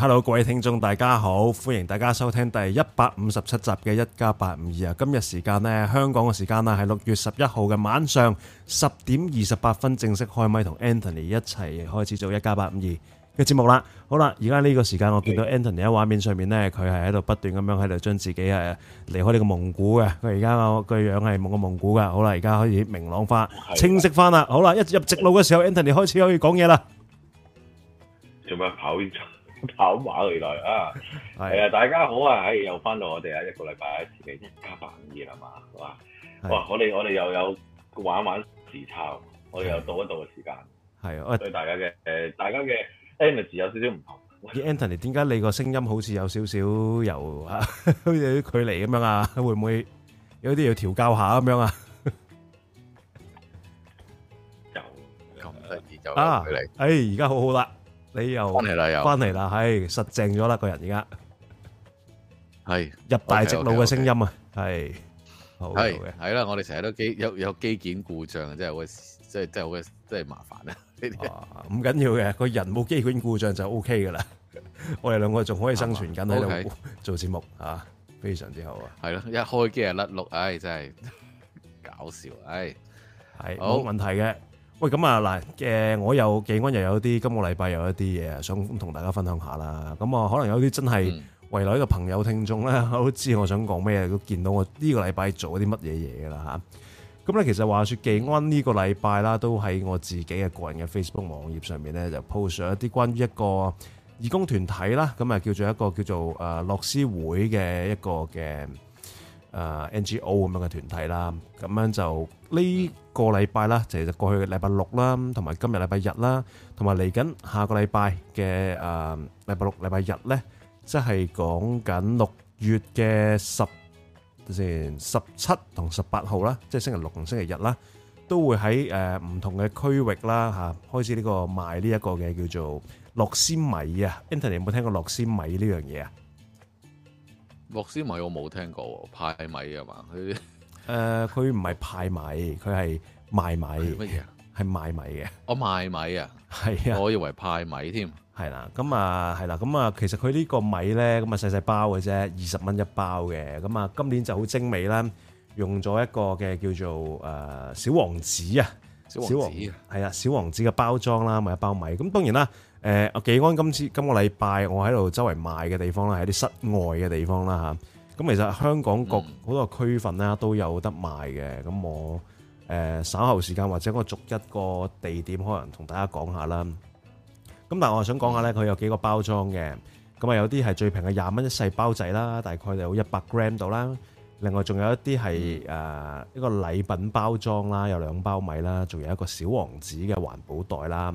Hello，各位聽眾，大家好，歡迎大家收聽第一百五十七集嘅一家八五二啊！今日時間呢，香港嘅時間啦，係六月十一號嘅晚上十點二十八分正式開咪，同 Anthony 一齊開始做一家八五二嘅節目啦。好啦，而家呢個時間，我見到 Anthony 喺畫面上面呢，佢係喺度不斷咁樣喺度將自己係離開呢個蒙古嘅。佢而家個個樣係冇個蒙古嘅。好啦，而家可以明朗化、清晰返啦。好啦，一入直路嘅時候，Anthony 開始可以講嘢啦。做咩跑呢層？跑馬嚟嚟啊！係啊，大家好啊！誒，又翻到我哋啦，一個禮拜一次嘅一家八五二啦嘛，係嘛？哇！我哋我哋又有玩玩時差，我哋又度一度嘅時間。係啊，對大家嘅誒，大家嘅 image 有少少唔同。Anthony，點解你個聲音好似有少少有啲距離咁樣啊？會唔會有啲要調教下咁樣啊？有咁得意就啊！距離，誒，而家好好啦。你又翻嚟啦，又翻嚟啦，係，實正咗啦，個人而家係入大直路嘅聲音啊，係好嘅，係啦，我哋成日都機有有機件故障啊，即係會即係即係會即係麻煩啊，呢啲唔緊要嘅，個人冇機件故障就 OK 嘅啦，我哋兩個仲可以生存緊喺度做節目啊，非常之好啊，係咯，一開機就甩碌，唉，真係搞笑，唉，係好問題嘅。喂，咁啊嗱，嘅，我有，技安又有啲今個禮拜又一啲嘢想同大家分享下啦。咁啊，可能有啲真係圍、嗯、內嘅朋友聽眾咧，都知我想講咩，都見到我呢個禮拜做啲乜嘢嘢啦吓，咁咧，其實話説技安呢個禮拜啦，都喺我自己嘅個人嘅 Facebook 網頁上面咧，就 post 咗一啲關於一個義工團體啦，咁啊叫做一個叫做樂施、呃、會嘅一個嘅。誒 NGO 咁樣嘅團體啦，咁樣就呢個禮拜啦，其實過去嘅禮拜六啦，同埋今日禮拜日啦，同埋嚟緊下個禮拜嘅誒禮拜六、禮拜日咧，即係講緊六月嘅十先十七同十八號啦，即係星期六同星期日啦，都會喺誒唔同嘅區域啦，嚇開始呢個賣呢一個嘅叫做樂鮮米啊！Anthony 有冇聽過樂鮮米呢樣嘢啊？莫斯米？我冇聽過，派米嘅嘛。佢誒，佢唔係派米，佢係賣米。乜嘢係賣米嘅？我賣米是啊？係啊。我以為派米添。係啦，咁啊係啦，咁啊、嗯、其實佢呢個米咧，咁啊細細包嘅啫，二十蚊一包嘅。咁啊今年就好精美啦，用咗一個嘅叫做誒、呃、小王子啊小，小王子，係啊，小王子嘅包裝啦咪、就是、一包米咁、嗯、當然啦。誒，技安今次今個禮拜我喺度周圍賣嘅地方咧，喺啲室外嘅地方啦嚇。咁其實香港各好多區份咧都有得賣嘅。咁我誒稍後時間或者我逐一個地點可能同大家講下啦。咁但係我係想講下咧，佢有幾個包裝嘅。咁啊有啲係最平嘅廿蚊一細包仔啦，大概有一百 gram 度啦。另外仲有一啲係誒一個禮品包裝啦，有兩包米啦，仲有一個小王子嘅環保袋啦。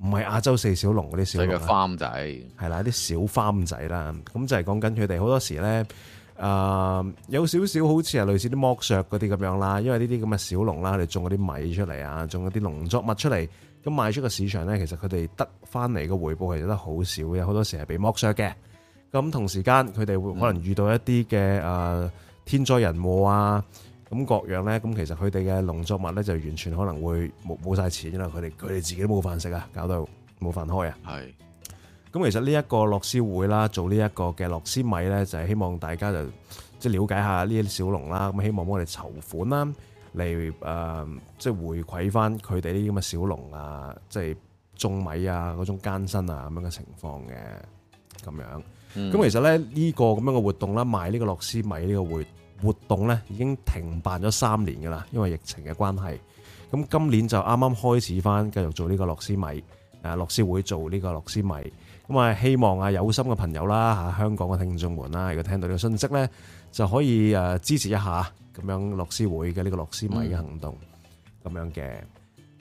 唔係亞洲四小龍嗰啲小，細嘅貪仔，係啦啲小貪仔啦，咁就係講緊佢哋好多時咧，誒、呃、有少少好似係類似啲剝削嗰啲咁樣啦，因為呢啲咁嘅小農啦，佢哋種嗰啲米出嚟啊，種嗰啲農作物出嚟，咁賣出個市場咧，其實佢哋得翻嚟嘅回報係得好少嘅，好多時係畀剝削嘅。咁同時間佢哋會可能遇到一啲嘅誒天災人禍啊。咁各樣咧，咁其實佢哋嘅農作物咧就完全可能會冇冇曬錢啦，佢哋佢哋自己都冇飯食啊，搞到冇飯開啊。係。咁其實呢一個樂施會啦，做呢一個嘅樂施米咧，就係希望大家就即係瞭解下呢啲小農啦，咁希望幫我哋籌款啦，嚟誒即係回饋翻佢哋呢啲咁嘅小農啊，即係種米啊嗰種艱辛啊咁樣嘅情況嘅咁樣。咁其實咧呢個咁樣嘅活動啦，賣呢個樂施米呢個會活動咧已經停辦咗三年㗎喇，因為疫情嘅關係。咁今年就啱啱開始返，繼續做呢個樂施米，誒樂施會做呢個樂施米。咁啊，希望啊有心嘅朋友啦，嚇香港嘅聽眾們啦，如果聽到個信呢個訊息咧，就可以誒支持一下咁樣樂施會嘅呢個樂施米嘅行動咁、嗯、樣嘅。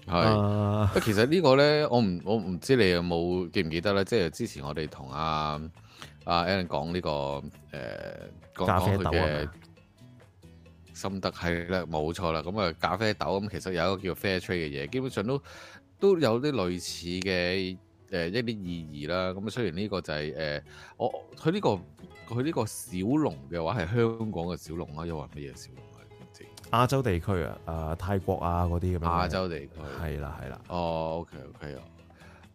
係是，嗯、其實這個呢個咧，我唔我唔知道你有冇記唔記得咧，即、就、係、是、之前我哋同阿阿 Allen 講呢、這個誒、呃、咖啡豆嘅。心得係啦，冇錯啦。咁啊，咖啡豆咁其實有一個叫 fair trade 嘅嘢，基本上都都有啲類似嘅誒、呃、一啲意義啦。咁、嗯、雖然呢個就係、是、誒、呃、我佢呢、這個佢呢個小農嘅話係香港嘅小農啊，又話乜嘢小農啊？亞洲地區啊，啊、呃、泰國啊嗰啲咁樣。亞洲地區係啦係啦。哦，OK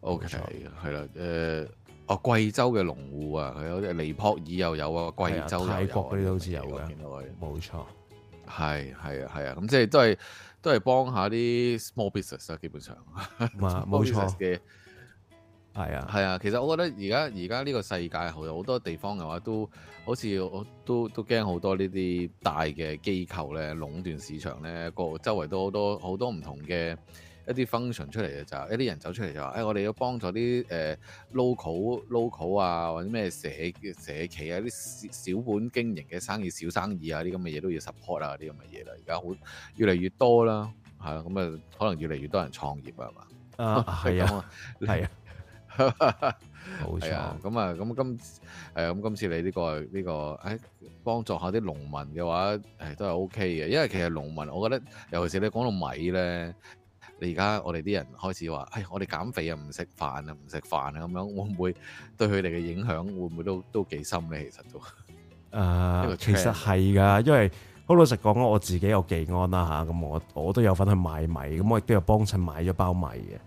OK，OK 係啦。誒，啊貴州嘅農戶啊，係啊，尼泊爾又有啊，貴州、又有啊、泰國嗰啲都好似有嘅，冇錯。係係啊係啊，咁即係都係都係幫下啲 small business 啦，基本上冇錯嘅。係啊係啊，其實我覺得而家而家呢個世界好有好多地方嘅話都好似我都都驚好多呢啲大嘅機構咧壟斷市場咧，個周圍都好多好多唔同嘅。一啲 function 出嚟嘅就一啲人走出嚟就話，誒、哎，我哋要幫助啲誒、呃、local local 啊，或者咩社社企啊，啲小本經營嘅生意、小生意啊，啲咁嘅嘢都要 support 啊，啲咁嘅嘢啦。而家好越嚟越多啦，係啊，咁啊，可能越嚟越多人創業吧啊，係嘛啊，係 啊，係啊，冇 沒錯。咁啊，咁今係咁、啊、今次你呢、這個呢、這個誒幫、哎、助下啲農民嘅話，誒、哎、都係 OK 嘅，因為其實農民，我覺得尤其是你講到米咧。而家我哋啲人開始話，誒我哋減肥啊，唔食飯啊，唔食飯啊，咁樣會唔會對佢哋嘅影響會唔會都都幾深咧？ 呃、其實都誒，其實係噶，因為好老實講我自己有技安啦嚇，咁、啊、我我都有份去賣米，咁、嗯、我亦都有幫襯買咗包米嘅。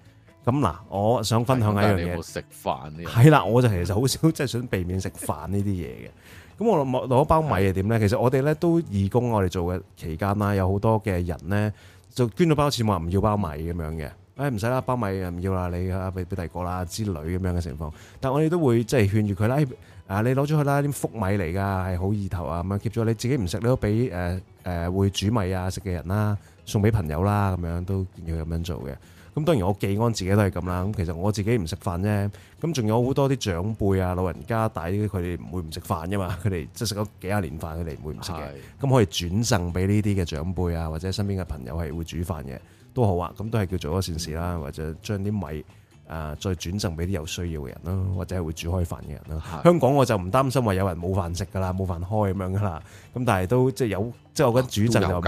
咁嗱，我想分享一樣嘢，食飯呢，係啦，我就其實好少，即係想避免食飯呢啲嘢嘅。咁我攞攞一包米係點咧？嗯、其實我哋咧都義工，我哋做嘅期間啦，有好多嘅人咧。就捐咗包錢，我話唔要包米咁樣嘅，誒唔使啦，包米唔要啦，你啊俾俾第二個啦之類咁樣嘅情況，但係我哋都會即係勸住佢啦，誒、哎、你攞咗去啦，啲福米嚟㗎，係好意頭啊，咁樣 keep 咗，你自己唔食你都俾誒誒會煮米啊食嘅人啦、啊，送俾朋友啦、啊、咁樣都要咁樣做嘅。咁當然我技安自己都係咁啦，咁其實我自己唔食飯啫，咁仲有好多啲長輩啊、老人家但係，佢哋唔會唔食飯噶嘛，佢哋即係食咗幾廿年飯，佢哋唔會唔食嘅。咁是的 可以轉贈俾呢啲嘅長輩啊，或者身邊嘅朋友係會煮飯嘅都好啊，咁都係叫做一個善事啦，或者將啲米啊再轉贈俾啲有需要嘅人啦，或者係會煮開飯嘅人啦。是的 香港我就唔擔心話有人冇飯食噶啦，冇飯開咁樣噶啦，咁但係都即係有，即係我覺得主有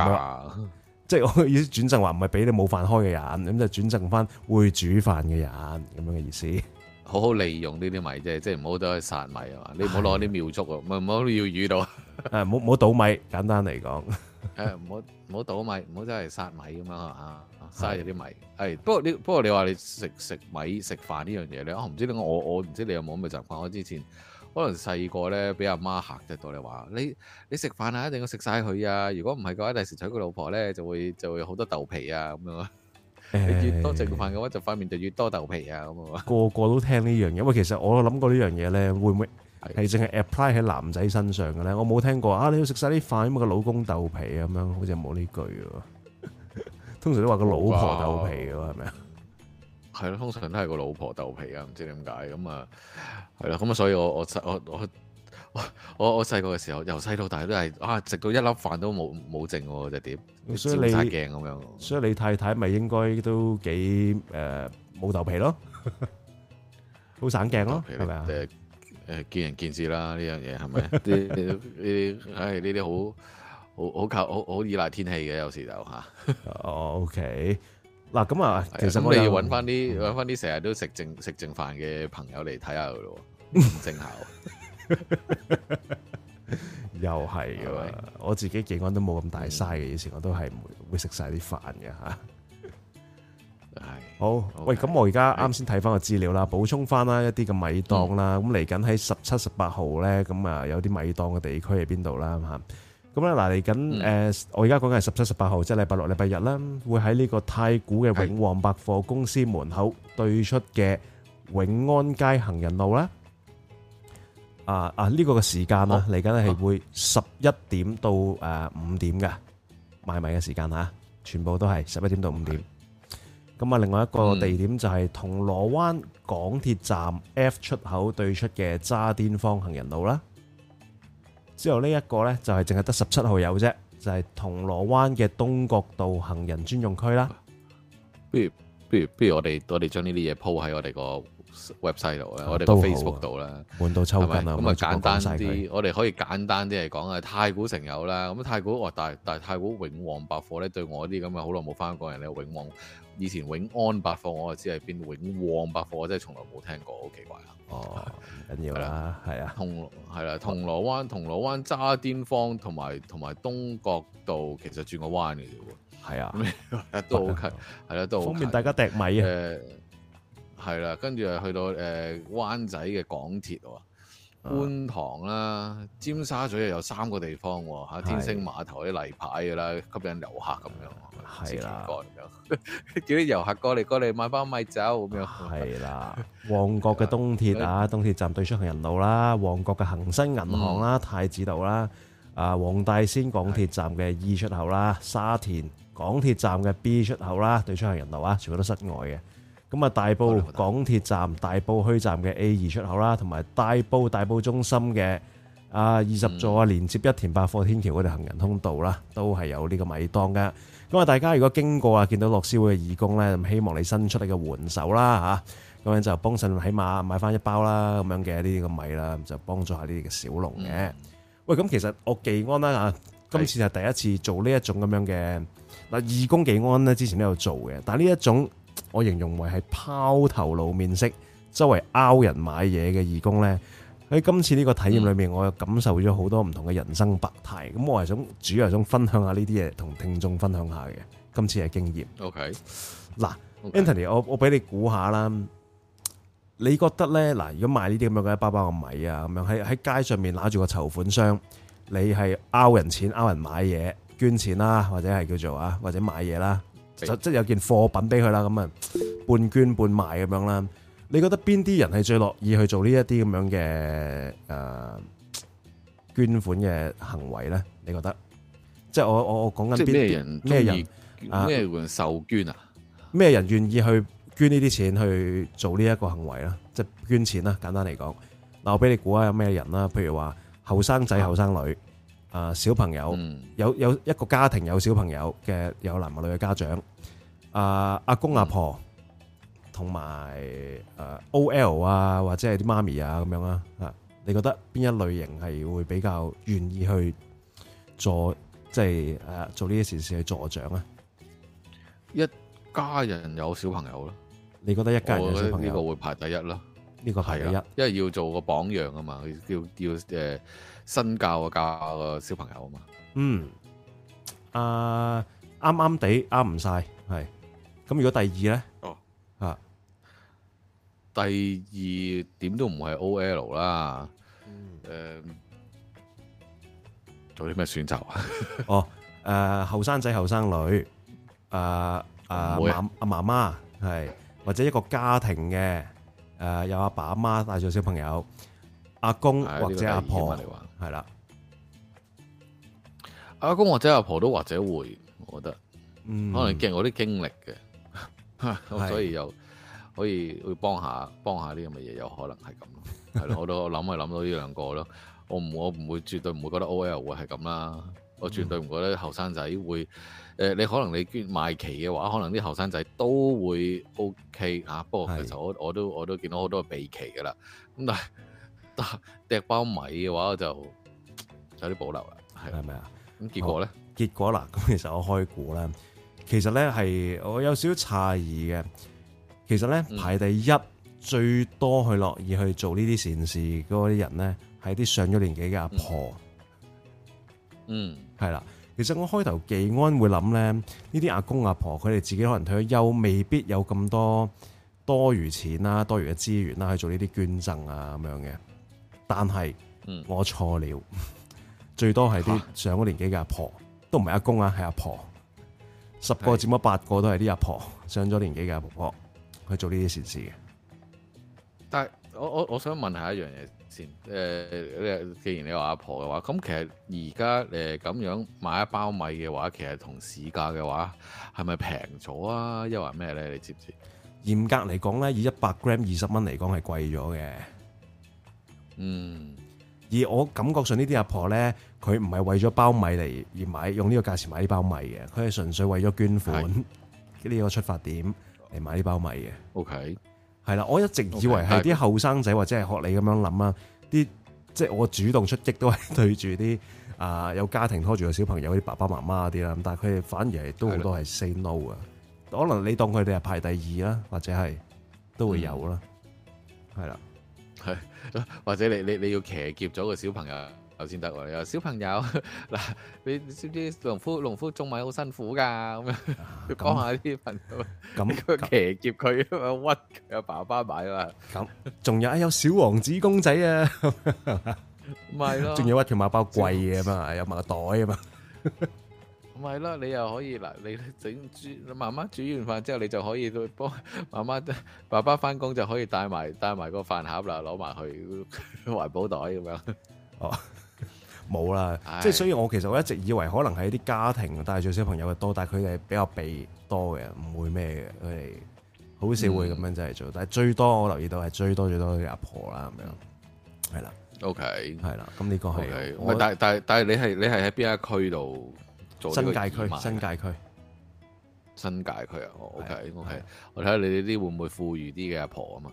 即係我嘅意思轉正話唔係俾你冇飯開嘅人，咁就轉正翻會煮飯嘅人咁樣嘅意思。好好利用呢啲米啫，即係唔好去殺米啊嘛！的你唔好攞啲妙竹喎，唔好的別要魚到啊！唔好唔好倒米，簡單嚟講誒，唔好唔好倒米，唔好真係殺米咁樣嚇，嘥咗啲米。係不過你不過你話你食食米食飯呢樣嘢咧，我唔知你我我唔知你有冇咁嘅習慣。我之前。可能細個咧，俾阿媽嚇得到你話：你你食飯啊，一定要食曬佢啊！如果唔係嘅話，第時娶個老婆咧，就會就會好多豆皮啊咁樣。誒，越多食飯嘅話，就塊面就越多豆皮啊咁啊！個個都聽呢樣嘢，因為其實我諗過呢樣嘢咧，會唔會係淨係 apply 喺男仔身上嘅咧？我冇聽過啊！你要食曬啲飯，咁啊個老公豆皮啊咁樣，好似冇呢句喎。通常都話個老婆豆皮咁啊嘛，係咪啊？係咯，通常都係個老婆豆皮啊，唔知點解咁啊，係啦，咁啊，所以我我細我我我我細個嘅時候，由細到大都係啊，食到一粒飯都冇冇剩喎，就點？照曬鏡咁樣。所以你太太咪應該都幾誒冇豆皮咯，好省鏡咯，係咪啊？誒誒，見仁見智啦，呢樣嘢係咪？啲啲唉呢啲好好好靠好好依賴天氣嘅，有時就嚇。哦，OK。嗱咁啊，咁你要揾翻啲揾翻啲成日都食剩食剩飯嘅朋友嚟睇下咯，正巧，又係噶嘛？我自己技安都冇咁大嘥嘅，以前我都係會食晒啲飯嘅吓。係好，喂，咁我而家啱先睇翻個資料啦，補充翻啦一啲嘅米檔啦，咁嚟緊喺十七十八號咧，咁啊有啲米檔嘅地區喺邊度啦吓。咁咧，嗱嚟緊誒，我而家講緊係十七、十八號，即係禮拜六、禮拜日啦，會喺呢個太古嘅永旺百貨公司門口對出嘅永安街行人路啦的、啊。啊啊，呢個嘅時間啊，嚟緊係會十一點到誒五點嘅賣米嘅時間吓，全部都係十一點到五點。咁啊的，另外一個地點就係銅鑼灣港鐵站 F 出口對出嘅渣甸坊行人路啦。之後這呢一個咧就係淨係得十七號有啫，就係、是、銅鑼灣嘅東角道行人專用區啦。不如不如不如我哋我哋將呢啲嘢鋪喺我哋個 web site 度咧，我哋個 Facebook 度啦，換到抽筋啊！咁啊上簡單啲，我哋可，可以簡單啲嚟講啊，太古城有啦，咁太古哇，但、哦、但太古永旺百貨咧，對我啲咁嘅好耐冇翻過人咧，永旺以前永安百貨我就知係邊，永旺百貨我真係從來冇聽過，好奇怪哦，唔緊要啦，係啊，銅係啦，銅鑼、啊啊、灣、銅鑼灣渣甸坊，同埋同埋東角道，其實轉個彎嘅啫喎，係啊， 都好近稀，係啦、啊，都好方便大家抌米啊，係啦、啊啊，跟住啊，去到誒灣仔嘅港鐵喎。觀塘啦，尖沙咀又有三個地方喎，天星碼頭啲例的牌嘅啦，吸引遊客咁樣，之前講咁樣，的 叫啲遊客過嚟過嚟買包米酒咁樣。係啦，旺角嘅東鐵是的啊，東鐵站對出行人路啦，旺角嘅恒生銀行啦，嗯、太子道啦，啊，黃大仙港鐵站嘅 E 出口啦，是的沙田港鐵站嘅 B 出口啦，對出行人路啊，全部都室外嘅。咁啊大埔港鐵站大埔墟站嘅 A 二出口啦，同埋大埔大埔中心嘅啊二十座啊連接一田百貨天橋嗰度行人通道啦，都係有呢個米當嘅。咁啊，大家如果經過啊，見到樂施會嘅義工咧，咁希望你伸出你嘅援手啦嚇，咁樣就幫襯起碼買翻一包啦，咁樣嘅呢啲個米啦，就幫助下呢個小農嘅。喂，咁其實我技安啦啊，今次就係第一次做呢一種咁樣嘅嗱義工技安咧，之前都有做嘅，但呢一種。我形容為係拋頭露面式，周圍拗人買嘢嘅義工呢，喺今次呢個體驗裏面，我又感受咗好多唔同嘅人生百態。咁我係想主要係想分享下呢啲嘢，同聽眾分享下嘅今次嘅經驗。OK，嗱，Anthony，我我俾你估下啦，你覺得呢？嗱，如果買呢啲咁樣嘅一包包嘅米啊，咁樣喺喺街上面揦住個籌款箱，你係拗人錢、拗人買嘢、捐錢啦，或者係叫做啊，或者買嘢啦。即係有件貨品俾佢啦，咁啊半捐半賣咁樣啦。你覺得邊啲人係最樂意去做呢一啲咁樣嘅誒、呃、捐款嘅行為咧？你覺得即係我我我講緊邊啲人咩人咩人受捐啊？咩、啊、人願意去捐呢啲錢去做呢一個行為啦？即係捐錢啦，簡單嚟講。嗱，我俾你估下有咩人啦？譬如話後生仔後生女。嗯啊，uh, 小朋友、嗯、有有一個家庭有小朋友嘅有男有女嘅家長，啊、uh, 阿公、嗯、阿婆同埋誒 O L 啊或者係啲媽咪啊咁樣啦、uh, 你覺得邊一類型係會比較願意去、就是 uh, 助即係誒做呢啲善事去助長啊，一家人有小朋友咯，你覺得一家人有小朋友呢個會排第一咯？呢個排第一、係啊，因為要做個榜樣啊嘛，叫叫誒。新教啊教個小朋友啊嘛，嗯，啊啱啱地啱唔晒，係咁，如果第二咧哦啊，第二點都唔係 OL 啦，誒，做啲咩選擇啊？哦誒後生仔後生女，誒誒阿阿媽媽係或者一個家庭嘅誒有阿爸阿媽帶住小朋友，阿公或者阿婆。係啦，阿公或者阿婆都或者會，我覺得，嗯、可能經我啲經歷嘅，咁是 所以又可以去幫下幫下呢咁嘅嘢，有可能係咁咯，係咯， 我都諗係諗到呢兩個咯，我唔我唔會絕對唔會覺得 O L 會係咁啦，嗯、我絕對唔覺得後生仔會，誒、呃，你可能你捐賣旗嘅話，可能啲後生仔都會 O K 吓，不過其實我是我都我都見到好多避旗噶啦，咁但係。掟包米嘅話我就，就有啲保留啦，係係咪啊？咁結果咧？結果啦，咁其實我開估咧，其實咧係我有少少詫異嘅。其實咧排第一，嗯、最多去樂意去做呢啲善事嗰啲人咧，係啲上咗年紀嘅阿婆。嗯，係、嗯、啦。其實我開頭技安會諗咧，呢啲阿公阿婆佢哋自己可能退咗休，未必有咁多多餘錢啦，多餘嘅資源啦去做呢啲捐贈啊，咁樣嘅。但係我錯了，嗯、最多係啲上咗年紀嘅阿婆，哇都唔係阿公啊，係阿婆。十個佔咗八個都係啲阿婆，是的上咗年紀嘅阿婆婆去做呢啲善事嘅。但係我我我想問下一樣嘢先，誒，既然你話阿婆嘅話，咁其實而家誒咁樣買一包米嘅話，其實同市價嘅話係咪平咗啊？抑或咩咧？你知唔知？嚴格嚟講咧，以一百 gram 二十蚊嚟講係貴咗嘅。嗯，而我感覺上這些呢啲阿婆咧，佢唔係為咗包米嚟而買，用呢個價錢買呢包米嘅，佢係純粹為咗捐款呢個出發點嚟買呢包米嘅。OK，係啦，我一直以為係啲後生仔或者係學你咁樣諗啊。啲即係我主動出擊都係對住啲啊有家庭拖住個小朋友啲爸爸媽媽啲啦，但係佢哋反而係都好多係 say no 啊，的可能你當佢哋係排第二啦，或者係都會有啦，係啦的，係。或者你你你要騎劫咗個小，小朋友先得喎，又小朋友嗱，你知唔知農夫農夫種米好辛苦噶？咁樣要講下啲朋友，咁佢騎劫佢啊，屈佢阿爸爸買啊。咁仲有啊，有小王子公仔啊，咪 咯，仲有屈條馬包貴啊嘛，有馬袋啊嘛。 唔係啦，你又可以嗱，你整煮，媽媽煮完飯之後，你就可以去幫媽媽、爸爸翻工，就可以帶埋帶埋個飯盒啦，攞埋去環保袋咁樣。哦，冇啦，唉即係所以，我其實我一直以為可能係啲家庭帶住小朋友嘅多，但係佢哋比較備多嘅，唔會咩嘅，佢哋好少會咁樣就係做。嗯、但係最多我留意到係最多最多嘅阿婆啦咁、嗯、樣。係啦，OK，係啦，咁呢個係 okay, 我，但但但係你係你係喺邊一區度？新界區，新界區，嗎新界區啊！Okay, okay. 的我 OK，我睇下你哋啲會唔會富裕啲嘅阿婆啊嘛，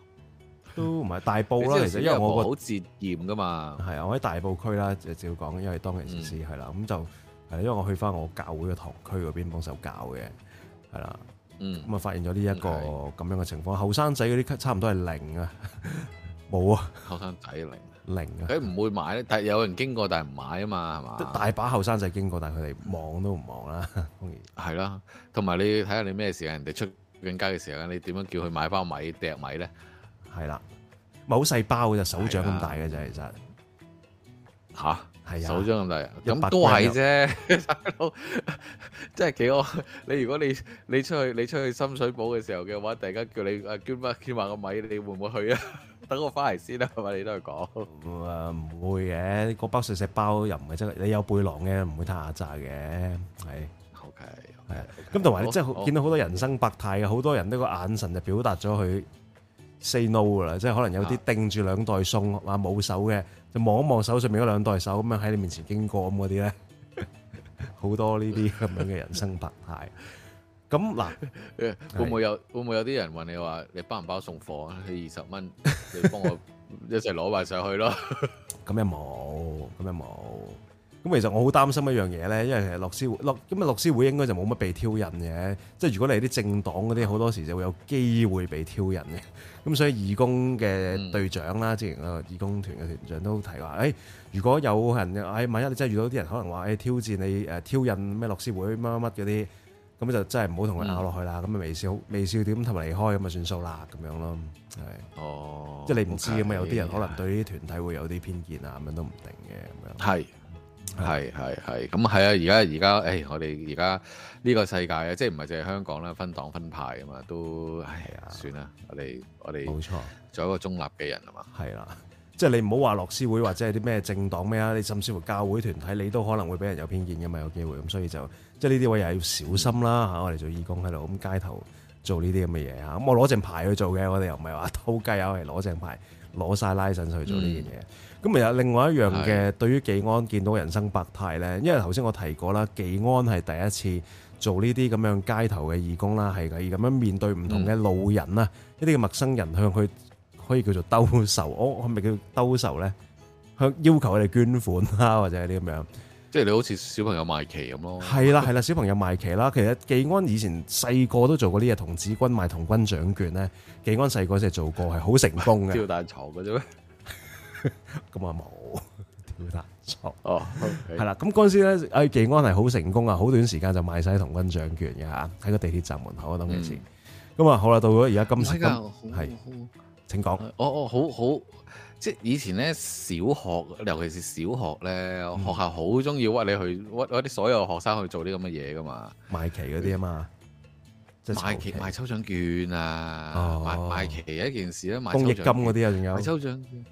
都唔係大埔啦， 道其實因為我的有有好節儉噶嘛，係啊，我喺大埔區啦，就照講，因為當其時係啦，咁就係因為我去翻我教會嘅堂區嗰邊幫手教嘅，係啦，咁啊、嗯、發現咗呢一個咁、嗯 okay. 樣嘅情況，後生仔嗰啲差唔多係零啊，冇 啊了，後生仔零。零啊！佢唔會買咧，但係有人經過，但係唔買啊嘛，係嘛？大把後生仔經過，但係佢哋望都唔望啦。係咯，同埋你睇下你咩時間，人哋出緊街嘅時候，你點樣叫佢買包米、掟米咧？係啦，咪好細包嘅啫，手掌咁大嘅啫，其實嚇係啊，手掌咁大啊，咁都係啫，大佬，即係幾多？你如果你你出去你出去深水埗嘅時候嘅話，突然間叫你啊捐翻捐埋個米，你會唔會去啊？等我翻嚟先啦，係咪你都係講？唔啊，唔會嘅，個包碎石包又唔係真係，你有背囊嘅，唔會太下渣嘅。係，OK，係。咁同埋咧，真係見到好多人生百態啊！好多人都個眼神就表達咗佢 say no 啦，即係可能有啲掟住兩袋餸，話冇手嘅，就望一望手上面嗰兩袋手咁樣喺你面前經過咁嗰啲咧，好多呢啲咁樣嘅人生百態。咁嗱，那會唔會有是會唔會有啲人問你話，你包唔包送貨啊？你二十蚊，你幫我一齊攞埋上去咯。咁又冇，咁又冇。咁其實我好擔心一樣嘢咧，因為其實律師會咁啊，律師會應該就冇乜被挑釁嘅。即係如果你係啲政黨嗰啲，好多時就會有機會被挑釁嘅。咁所以義工嘅隊長啦，嗯、之前個義工團嘅團長都提話，誒、哎，如果有人，誒、哎，萬一你真係遇到啲人可能話，誒、哎，挑戰你誒挑釁咩律師會乜乜乜嗰啲。咁就真係唔好同佢拗落去啦，咁啊微笑微笑點，同埋離開咁啊算數啦，咁樣咯，係，哦，即係你唔知啊嘛，有啲人可能對啲團體會有啲偏見啊，咁樣都唔定嘅，咁樣。係，係係係，咁係啊！而家而家，誒，我哋而家呢個世界啊，即係唔係淨係香港啦，分黨分派啊嘛，都係啊，算啦，我哋我哋，冇錯，做一個中立嘅人啊嘛，係啦，即係你唔好話律師會或者係啲咩政黨咩啊，你甚至乎教會團體，你都可能會俾人有偏見嘅嘛，有機會咁，所以就。即係呢啲位又要小心啦嚇，我哋做義工喺度咁街頭做呢啲咁嘅嘢嚇，咁我攞正牌去做嘅，我哋又唔係話偷雞啊，我哋攞正牌攞曬 license 去做呢件嘢。咁其實另外一樣嘅，對於技安見到人生百態咧，因為頭先我提過啦，技安係第一次做呢啲咁樣街頭嘅義工啦，係咁要咁樣面對唔同嘅路人啦，一啲嘅陌生人向佢可以叫做兜售，我係咪叫兜售咧？向要求佢哋捐款啦，或者啲咁樣。即係你好似小朋友賣旗咁咯，係啦係啦，小朋友賣旗啦。其實技安以前細個都做過啲嘢，童子軍賣童軍獎券咧，技安細個即係做過係好成功嘅。跳彈牀嘅啫咩？咁啊冇跳彈牀哦，係啦。咁嗰陣時咧，誒技安係好成功啊，好短時間就賣晒童軍獎券嘅嚇，喺個地鐵站門口嗰度嗰時。咁啊好啦，到咗而家今時係請講。哦哦，好好。即係以前咧，小學尤其是小學咧，學校好中意屈你去屈屈啲所有學生去做啲咁嘅嘢噶嘛？賣旗嗰啲啊嘛，賣旗賣抽獎券啊，哦哦賣賣旗一件事啦，賣獎公益金嗰啲啊，仲有賣抽獎券，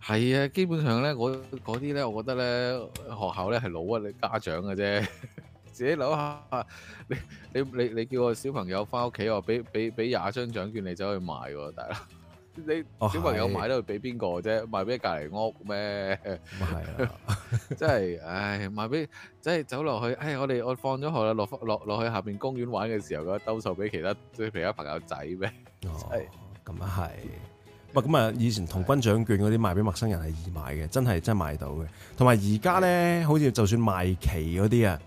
係啊，基本上咧，我嗰啲咧，我覺得咧，學校咧係老屈你家長嘅啫，自己諗下，你你你你叫我小朋友翻屋企，我俾俾俾廿張獎券你走去賣喎，大佬。你、哦、小朋友買去俾邊個啫？買俾隔離屋咩？唔啊，真係、 就是，唉，買俾即係走落去。唉，我哋我放咗學啦，落落落去下面公園玩嘅時候，嗰兜售俾其他即係、就是、其他朋友仔咩？哦，咁啊係。唔咁啊，是以前童軍獎券嗰啲賣俾陌生人係易賣嘅，真係真係賣到嘅。同埋而家咧，的好似就算賣旗嗰啲啊，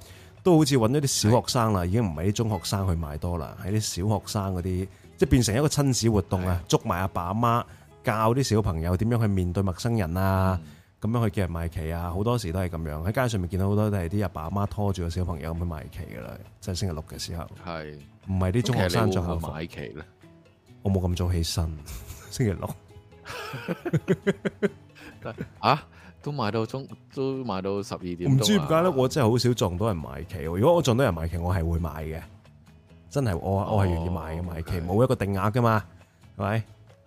都好似揾咗啲小學生啦，的已經唔係啲中學生去賣多啦，係啲小學生嗰啲。即係變成一個親子活動啊，的捉埋阿爸阿媽教啲小朋友點樣去面對陌生人啊，咁的樣去叫人買旗啊，好多時都係咁樣。喺街上面見到好多都係啲阿爸阿媽拖住個小朋友咁去買旗噶啦，即、就、係、是，星期六嘅時候。係唔係啲中學生仲買旗咧？我冇咁早起身，星期六 啊，都買到中，都買到十二點。唔知點解咧，我真係好少撞到人買旗。如果我撞到人買旗，我係會買嘅。真係我我係願意買嘅嘛，哦、其實冇一個定額嘅嘛，係咪是？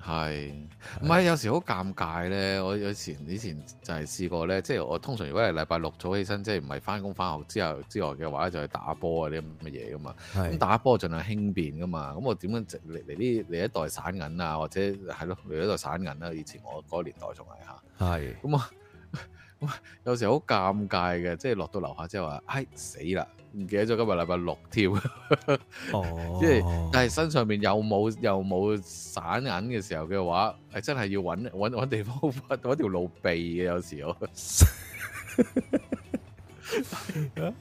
係吧，唔係有時好尷尬咧？我有時以前就係試過咧，即、就、係、是、我通常如果係禮拜六早起身，即係唔係返工返學之後之外嘅話，就去、是、打波啊啲咁嘅嘢嘅嘛。咁是打波儘量輕便嘅嘛，咁我點樣嚟嚟啲嚟一袋散銀啊？或者係咯嚟一袋散銀啦、啊。以前我嗰年代仲係吓。係是，咁我咁有時好尷尬嘅，即、就、係、是、落到樓下之後話，唉、哎、死啦！唔記得咗今日禮拜六添，即係但係身上面又冇又冇散銀嘅時候嘅話，誒真係要揾揾揾地方揾條路避嘅。有時我，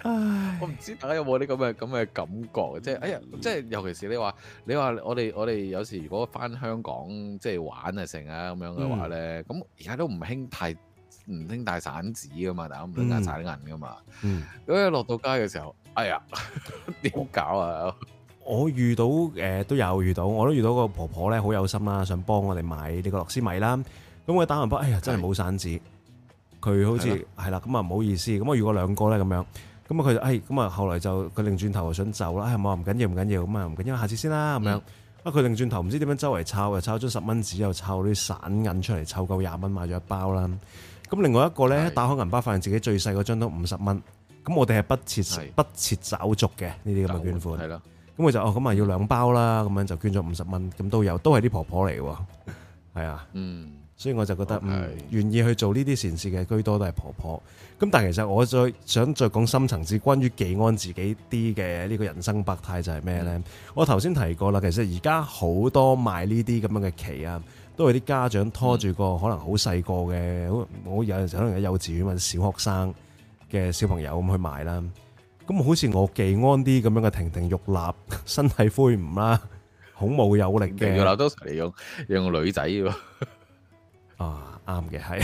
唉，我唔知大家有冇啲咁嘅咁嘅感覺嘅，即係哎呀，即係尤其是你話你話我哋我哋有時如果返香港即係玩啊成啊咁樣嘅話咧，咁而家都唔興太。唔拎大散紙噶嘛，但係唔拎大散銀噶嘛。咁、嗯嗯、一落到街嘅時候，哎呀點搞啊！我遇到誒、呃、都有遇到，我都遇到個婆婆咧，好有心啦，想幫我哋買呢個樂施米啦。咁我打完包，哎呀真係冇散紙，佢是好似係啦，咁啊唔好意思。咁我遇過兩個咧咁樣，咁啊佢哎，咁啊，後來就佢另轉，轉頭就想走啦，係嘛唔緊要唔緊要咁啊唔緊要，下次先啦咁、嗯、樣。啊佢另轉頭唔知點樣周圍抄，又抄咗十蚊紙，又抄啲散銀出嚟，湊夠廿蚊買咗一包啦。咁另外一個咧，是的 打開銀包發現自己最細嗰張都五十蚊，咁我哋係不切是的 不切找續嘅呢啲咁嘅捐款，係咯，咁我就哦，咁啊要兩包啦，咁樣就捐咗五十蚊，咁都有，都係啲婆婆嚟喎，係啊，嗯，所以我就覺得，是的 嗯，願意去做呢啲善事嘅居多都係婆婆，咁但係其實我再想再講深層次，關於技安自己啲嘅呢個人生百態就係咩咧？嗯、我頭先提過啦，其實而家好多賣呢啲咁樣嘅旗啊。都係啲家長拖住個可能好細個嘅，我有陣時可能喺幼稚園或者小學生嘅小朋友咁去買啦。咁好似我技安啲咁樣嘅亭亭玉立、身體魁梧啦，孔武有，有力嘅。都成日用用個女仔啊，啱嘅係。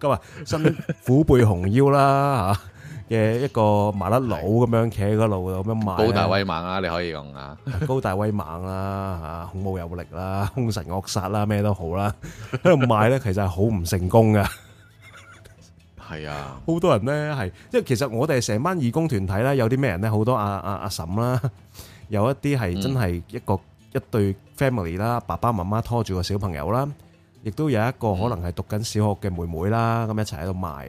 今日身虎背熊腰啦嚇。啊嘅一個麻甩佬咁樣企喺嗰度咁樣賣，高大威猛啊，你可以用啊，高大威猛啦，嚇恐怖有力啦，凶神惡煞啦，咩都好啦，喺度賣咧，其實係好唔成功㗎。係啊，好多人咧係，即係其實我哋係成班義工團體啦，有啲咩人咧，好多阿阿阿嬸啦，有一啲係真係一個一對 family 啦，爸爸媽媽拖住個小朋友啦，亦都有一個可能係讀緊小學嘅妹妹啦，咁一齊喺度賣。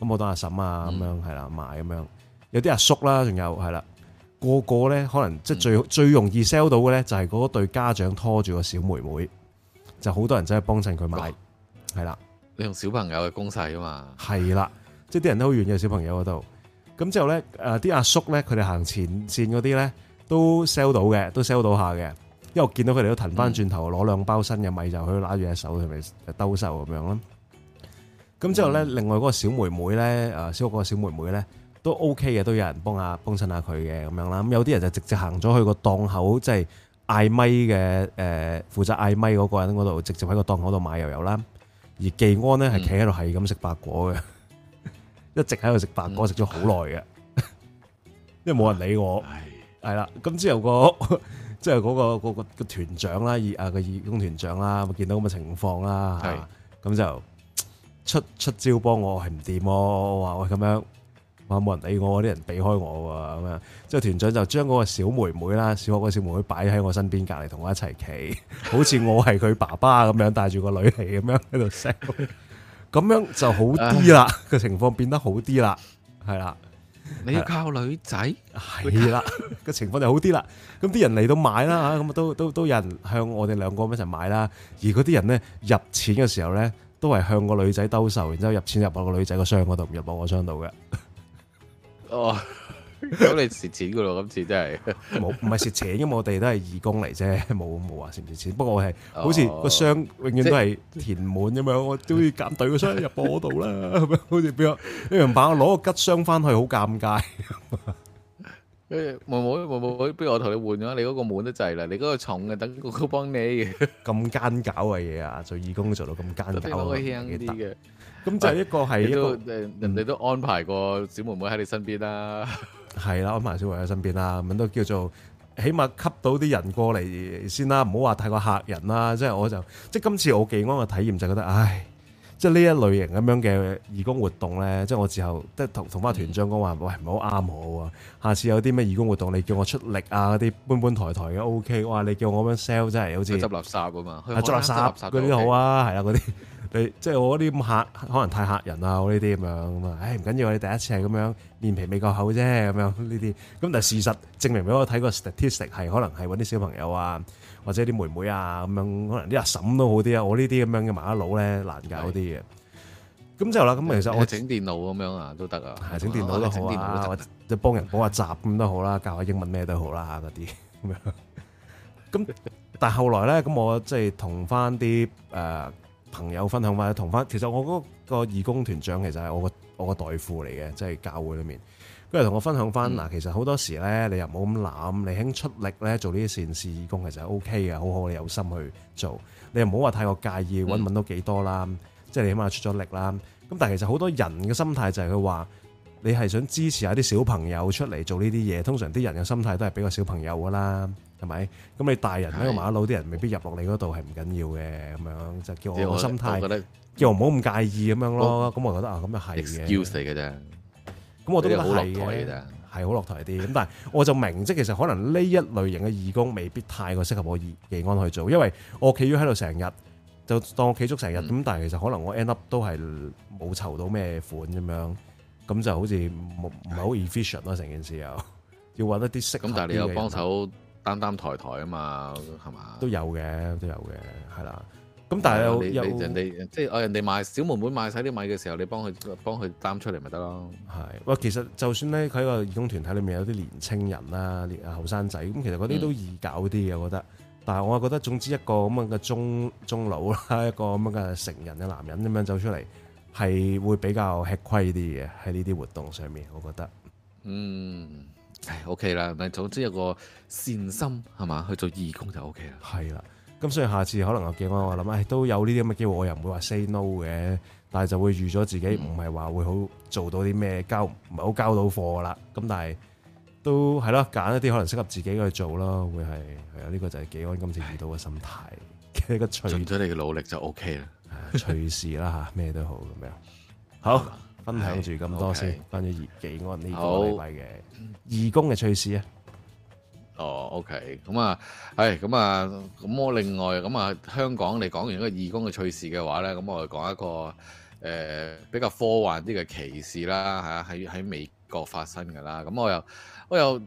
咁我當阿嬸啊，咁樣係啦，買咁、嗯、樣，有啲阿叔啦，仲有係啦，個個咧可能即係最最容易 sell 到嘅咧，就係嗰對家長拖住個小妹妹，就好多人真係幫襯佢買，係啦哇。了你用小朋友嘅攻勢啊嘛，係啦，即係啲人都好遠嘅小朋友嗰度。咁之後咧，誒、呃，啲阿叔咧，佢哋行前線嗰啲咧，都 sell 到嘅，都 sell 到下嘅，因為我見到佢哋都騰翻轉頭攞兩、嗯、包新嘅米就去拉住隻手同咪兜售咁樣咯。咁之後咧，另外嗰個小妹妹咧，小嗰個小妹妹咧、啊，都 OK 嘅，都有人幫下幫襯下佢嘅咁樣啦。咁有啲人就直接行咗去個檔口，即係嗌咪嘅，負責嗌咪嗰個人嗰度，直接喺個檔口度買油油啦。而技安咧，係企喺度，係咁食白果嘅，嗯、一直喺度食白果，食咗好耐嘅，嗯、因為冇人理我。係唉，啦。咁之後、嗰個，即係嗰個、嗰個、嗰個嗰個嗰個團長啦，二、嗰、啊個義工團長啦，見、嗰個、到咁嘅情況啦，係是，咁、啊、就。出出招，幫我係唔掂喎，我話喂，咁樣，話冇人理我，啲人避開我喎咁樣。之後團長就將嗰個小妹妹啦，小學嗰個小妹妹擺喺我身邊隔籬，同我一齊企，好似我係佢爸爸咁樣，帶住個女嚟咁樣喺度笑。咁樣就好啲啦，個情況變得好啲啦，係啦。你要靠女仔係啦，個情況就好啲啦。咁啲人嚟到買啦，咁啊都都都有人向我哋兩個一齊買啦。而嗰啲人咧入錢嘅時候咧。都係向個女仔兜售，然之後入錢入落個女仔個箱嗰度，唔入我個箱度嘅。哦，咁你蝕錢噶咯，今次真係冇，唔係蝕錢，因為我哋都係義工嚟啫，冇冇話蝕唔蝕錢。不過我係好似個箱永遠都係填滿咁樣，我都要揀對個箱入播嗰度啦。咁樣好似邊樣，你唔把我攞個吉箱翻去，好尷尬。誒妹妹妹妹，不如我同你換咗，你嗰個滿得滯啦，你嗰個重嘅，等哥哥幫你嘅。咁奸狡嘅嘢啊！做義工做到咁奸狡，輕啲嘅。咁就一個係，都誒人哋都安排個小妹妹喺你身邊啦。係啦，安排小妹妹喺身邊啦，咁都叫做起碼吸到啲人過嚟先啦，唔好話太過嚇人啦。即係我就即係今次我技安嘅體驗就覺得唉。即係呢一類型咁樣嘅義工活動咧，即係我之後即係同同翻團長講話，喂，唔好啱我啊。下次有啲咩義工活動，你叫我出力啊，啲搬搬抬抬嘅 OK。哇，你叫我咁樣 sell 真係好似執垃圾啊嘛，啊執垃圾嗰啲好啊，係 啊嗰啲你即係我啲客可能太嚇人啊，我呢啲咁樣咁啊，唉唔緊要，你第一次係咁樣面皮未夠厚啫咁樣呢啲。咁但係事實證明俾我睇個 statistic 係可能係揾啲小朋友啊。或者啲妹妹啊咁樣，可能啲阿嬸都好啲啊，我呢啲咁樣嘅麻甩佬咧難搞啲嘅。咁之後啦，咁就、嗯、其實我整電腦咁樣啊都得啊，整電腦都好啊，電腦啊或者幫人補下習咁都好啦、啊， 教下英文咩都好啦嗰啲咁樣。咁 但係後來咧，咁我即係同翻啲誒朋友分享或者同翻其實我嗰個義工團長其實係我個我個代父嚟嘅，即係教會裡面。跟住同我分享翻嗱，其實好多時咧，你又唔好咁諗，你興出力咧做呢啲善事義工，其實 O K 嘅，好好你有心去做，你又唔好話太過介意，揾唔揾到幾多啦，即係你起碼出咗力啦。咁但係其實好多人嘅心態就係佢話，你係想支持下啲小朋友出嚟做呢啲嘢，通常啲人嘅心態都係俾個小朋友噶啦，係咪？咁你大人喺個馬路啲人未必入落你嗰度係唔緊要嘅，咁樣就叫我心態，叫我唔好咁介意咁樣咯。咁我覺得啊，咁又係嘅。Excuse 你嘅啫。咁我都覺得係嘅，係好落台啲。咁但係我就明，即其實可能呢一類型嘅義工未必太過適合我義義安去做，因為我企咗喺度成日就當我企足成日咁，嗯、但係其實可能我 end up 都係冇籌到咩款咁樣，咁就好似唔係好 efficient 咯。成、e 啊、件事又要揾一啲適合。咁但係你有幫手擔擔抬抬啊嘛，係嘛？都有嘅，都有嘅，係啦。咁但係，啊，你，你有人哋即係人哋賣小妹妹賣晒啲米嘅時候，你幫佢幫佢擔出嚟咪得咯？係，哇！其實就算咧，佢個義工團體裏面有啲年青人啦，年後生仔咁，其實嗰啲都易搞啲嘅。嗯、我覺得。但係我覺得總之一個咁樣嘅中中老啦，一個咁樣嘅成人嘅男人咁樣走出嚟，係會比較吃虧啲嘅喺呢啲活動上面，我覺得。嗯，唉，OK 啦，但係總之一個善心係嘛去做義工就 OK 啦，係啦，啊。咁所以下次可能我技安我諗，唉、哎、都有呢啲咁嘅機會，我又唔會話 say no 嘅，但係就會預咗自己唔係話會好做到啲咩、嗯、交唔係好交到貨啦。咁但係都係咯，揀一啲可能適合自己去做咯，會係係啊，呢、呢個就係技安今次遇到嘅心態盡咗唉隨你嘅努力就 OK 啦，趣事啦吓咩都好咁樣。好，分享住咁多，okay，先，關於葉技安呢個禮拜嘅義工嘅趣事。啊好。哦、oh，OK，咁啊，誒、哎，咁啊，咁我另外咁啊，香港你講完個義工嘅趣事嘅話咧，咁我嚟講一個，誒、呃、比較科幻啲嘅奇事啦，嚇、啊，喺喺美國發生㗎啦。咁我又我又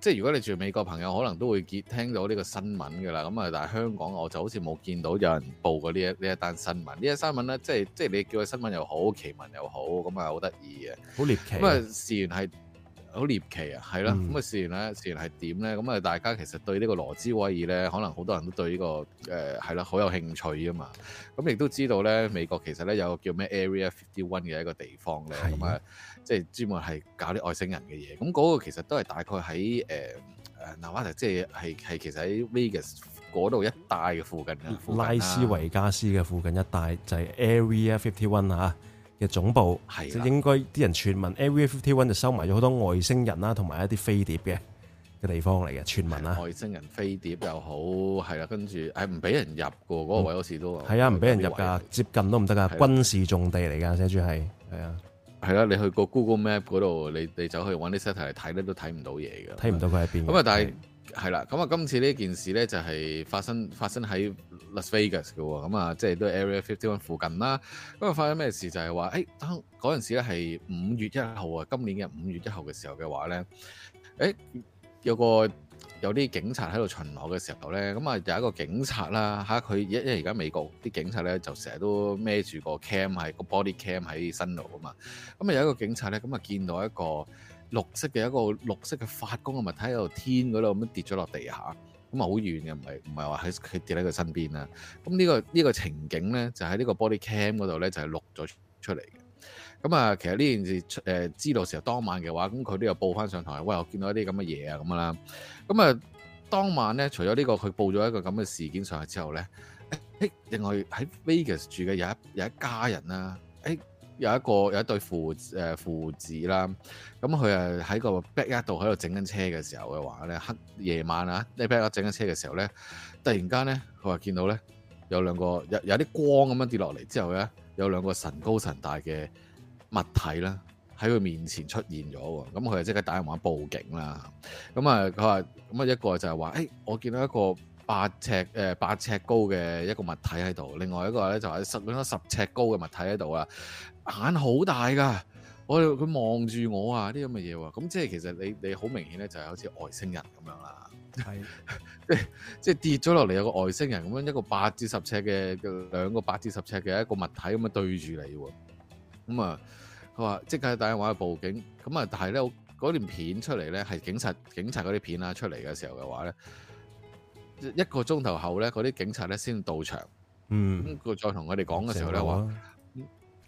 即係如果你住美國朋友，可能都會結聽到呢個新聞㗎啦。咁啊，但係香港我就好似冇見到有人報過呢一呢一單新聞，這一新呢一新聞咧，即係即係你叫佢新聞又好，奇聞又好，咁啊好得意嘅。好獵奇。咁啊，事緣係。好獵奇是啊，係、嗯、咯、嗯，咁啊、嗯嗯嗯，事然咧，事然係點咧？咁啊，大家其實對呢個羅茲威爾咧，可能好多人都對呢、這個誒係啦，好有興趣啊嘛。咁亦都知道咧，美國其實咧有個叫咩 Area Fifty One 嘅一個地方咧，咁是啊，即、就、係、是、專門係搞啲外星人嘅嘢。咁、那、嗰個其實都係大概喺誒誒 Nevada，即係係係其實喺 Vegas 嗰度一帶嘅附近嘅拉斯維加斯嘅附近一帶，就係 Area Fifty One 啊。嘅總部，即係的應該啲人傳聞，Area 51就收埋咗好多外星人啦，同埋一啲飛碟嘅嘅地方嚟嘅傳聞啦。外星人飛碟又好，係啦，跟住係唔俾人入嘅，嗰、那個位好似都係啊，唔俾、嗯、人入㗎，個位置接近都唔得㗎，的軍事重地嚟㗎，寫住係，係啊，係啦，你去個 Google Map 嗰度，你你走去搵啲 satellite 睇咧，都睇唔到嘢㗎，睇唔的到佢喺邊。咁啊是，但係啦，咁啊，今次呢件事咧就係發生發生喺 Las Vegas 嘅，咁啊，即係都 Area Fifty One 附近啦。咁啊，發生咩事就係、是、話，誒、欸，當嗰陣時咧係五月一號啊，今年嘅五月一號嘅時候嘅話咧，誒、欸，有個有啲警察喺度巡邏嘅時候咧，咁啊，有一個警察啦，吓，佢一，因為而家美國啲警察咧就成日都孭住個 cam 係個 body cam 喺身度啊嘛，咁啊有一個警察咧，咁啊見到一個。綠色嘅一個綠色嘅發光嘅物體喺度天嗰度咁樣跌咗落地下，咁啊好遠嘅，唔係唔係話喺佢跌喺佢身邊啦。咁呢、呢個呢、呢個情景咧，就喺、是、呢個 body cam 嗰度咧就係錄咗出嚟嘅。咁啊，其實呢件事出誒、呃、知道時候當晚嘅話，咁佢都有報翻上台，喂，我見到一啲咁嘅嘢啊咁啦。咁啊，當晚咧，除咗呢、呢個佢報咗一個咁嘅事件上去之後咧，誒另外喺 Vegas 住嘅有一有一家人啦，誒。有一個有一對父子父子啦，咁佢誒喺個 back 一度喺度整緊車嘅時候嘅話咧，黑夜晚啊，呢 back 整緊車嘅時候咧，突然間咧，佢話見到咧有兩個有有啲光咁樣跌落嚟之後咧，有兩個神高神大嘅物體啦喺佢面前出現咗喎，咁、啊、佢就即刻打電話報警啦。咁啊佢話，咁啊一個就係話，誒、哎、我見到一個八尺誒、呃、八尺高嘅一個物體喺度，另外一個咧就係、是、十咁多十尺高嘅物體喺度啊。眼好大噶，我佢望住我啊！啲咁嘅嘢喎，咁即係其實你你明顯好明顯咧，就係好似外星人咁樣啦。係的，即係跌咗落嚟有個外星人咁樣一個八至十尺嘅兩個八至十尺嘅一個物體咁樣對住你喎，咁啊佢話即刻打緊電話去報警，咁啊但係咧嗰段片出嚟咧係警察警察嗰啲片啊出嚟嘅時候嘅話咧，一個鐘頭後咧嗰啲警察咧先到場，嗯，咁佢再同我哋講嘅時候咧話。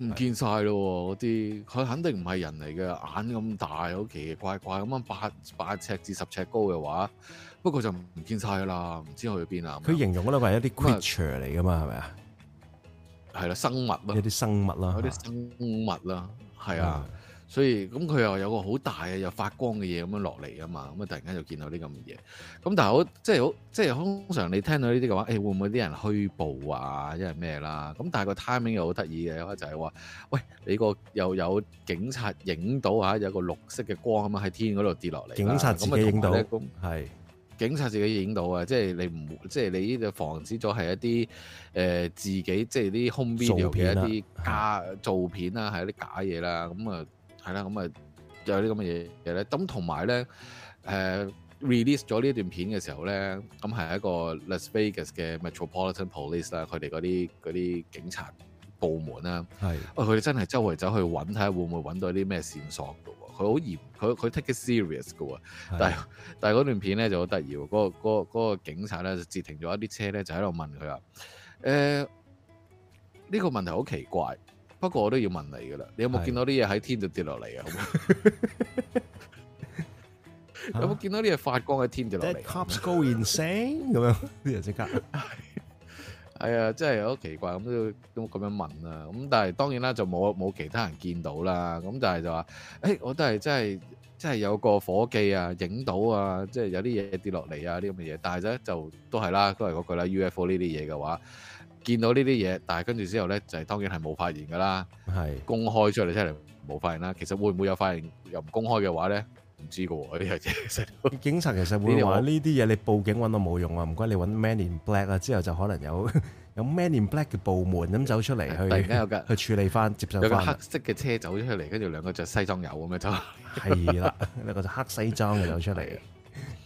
唔見晒咯，嗰啲佢肯定唔係人嚟嘅，眼咁大，好奇奇怪怪咁樣八八尺至十尺高嘅話，不過就唔見晒啦，唔知去邊啊！佢形容嗰度係一啲 creature 嚟噶嘛，係咪啊？係啦，生物咯，有一啲生物啦，一啲生物啦，係啊的。的所以咁佢又有個好大嘅又發光嘅嘢咁樣落嚟啊嘛，咁啊突然間就見到啲咁嘅嘢，咁但係好，即係好即係通常你聽到呢啲嘅話，誒、欸、會唔會啲人虛報啊，即係咩啦？咁但係個 timing 又好得意嘅，就係、是、話，喂你個又有警察影到嚇有個綠色嘅光啊嘛，喺天嗰度跌落嚟，警察自己影到，係是警察自己影到些、呃、己些些啊！即係你唔即係你呢度防止咗係一啲誒自己即係啲空 o m e 嘅一啲假造片啦，係一啲假嘢啦，咁啊～係啦，咁啊有啲咁嘅嘢嘢咧，咁同埋咧，誒、呃、release 咗呢段片嘅時候咧，咁係一個 Las Vegas 嘅 Metropolitan Police 啦，佢哋嗰啲啲警察部門啦，係的，哦佢哋真係周圍走去揾睇下，會唔會揾到啲咩線索嘅喎？佢好嚴，佢佢 take it serious 嘅喎的，但係但係嗰段片咧就好得意喎，嗰、那個警察咧就截停咗一啲車咧，就喺度問佢啊，誒、這、呢個問題好奇怪。不過我都要問你噶啦，你有冇見到啲嘢喺天度跌落嚟啊？有冇見到啲嘢發光喺天度落嚟？高音聲咁樣，啲人即刻，係啊，真係好奇怪咁都咁咁樣問啊！咁但係當然啦，就冇冇其他人見到啦。咁但係就話，誒，我都係真係真係有個火機啊，影到啊，即係有啲嘢跌落嚟啊，呢咁嘅嘢。但係咧就都係啦，都係嗰句啦，UFO 呢啲嘢嘅話。見到呢啲嘢，但係跟住之後咧，就係當然係冇發現噶啦，係公開出嚟真係冇發現啦。其實會唔會有發現又唔公開嘅話咧，唔知個呢個嘢。其實警察其實會話呢啲嘢，你報警揾到冇用啊，唔該你揾 Man in Black 啊，之後就可能有有 Man in Black 嘅部門咁走出嚟去，突然間有噶去處理翻，接受返。有個黑色嘅車走出嚟，跟住兩個著西裝有咁樣走，係啦，一個黑西裝嘅走出嚟，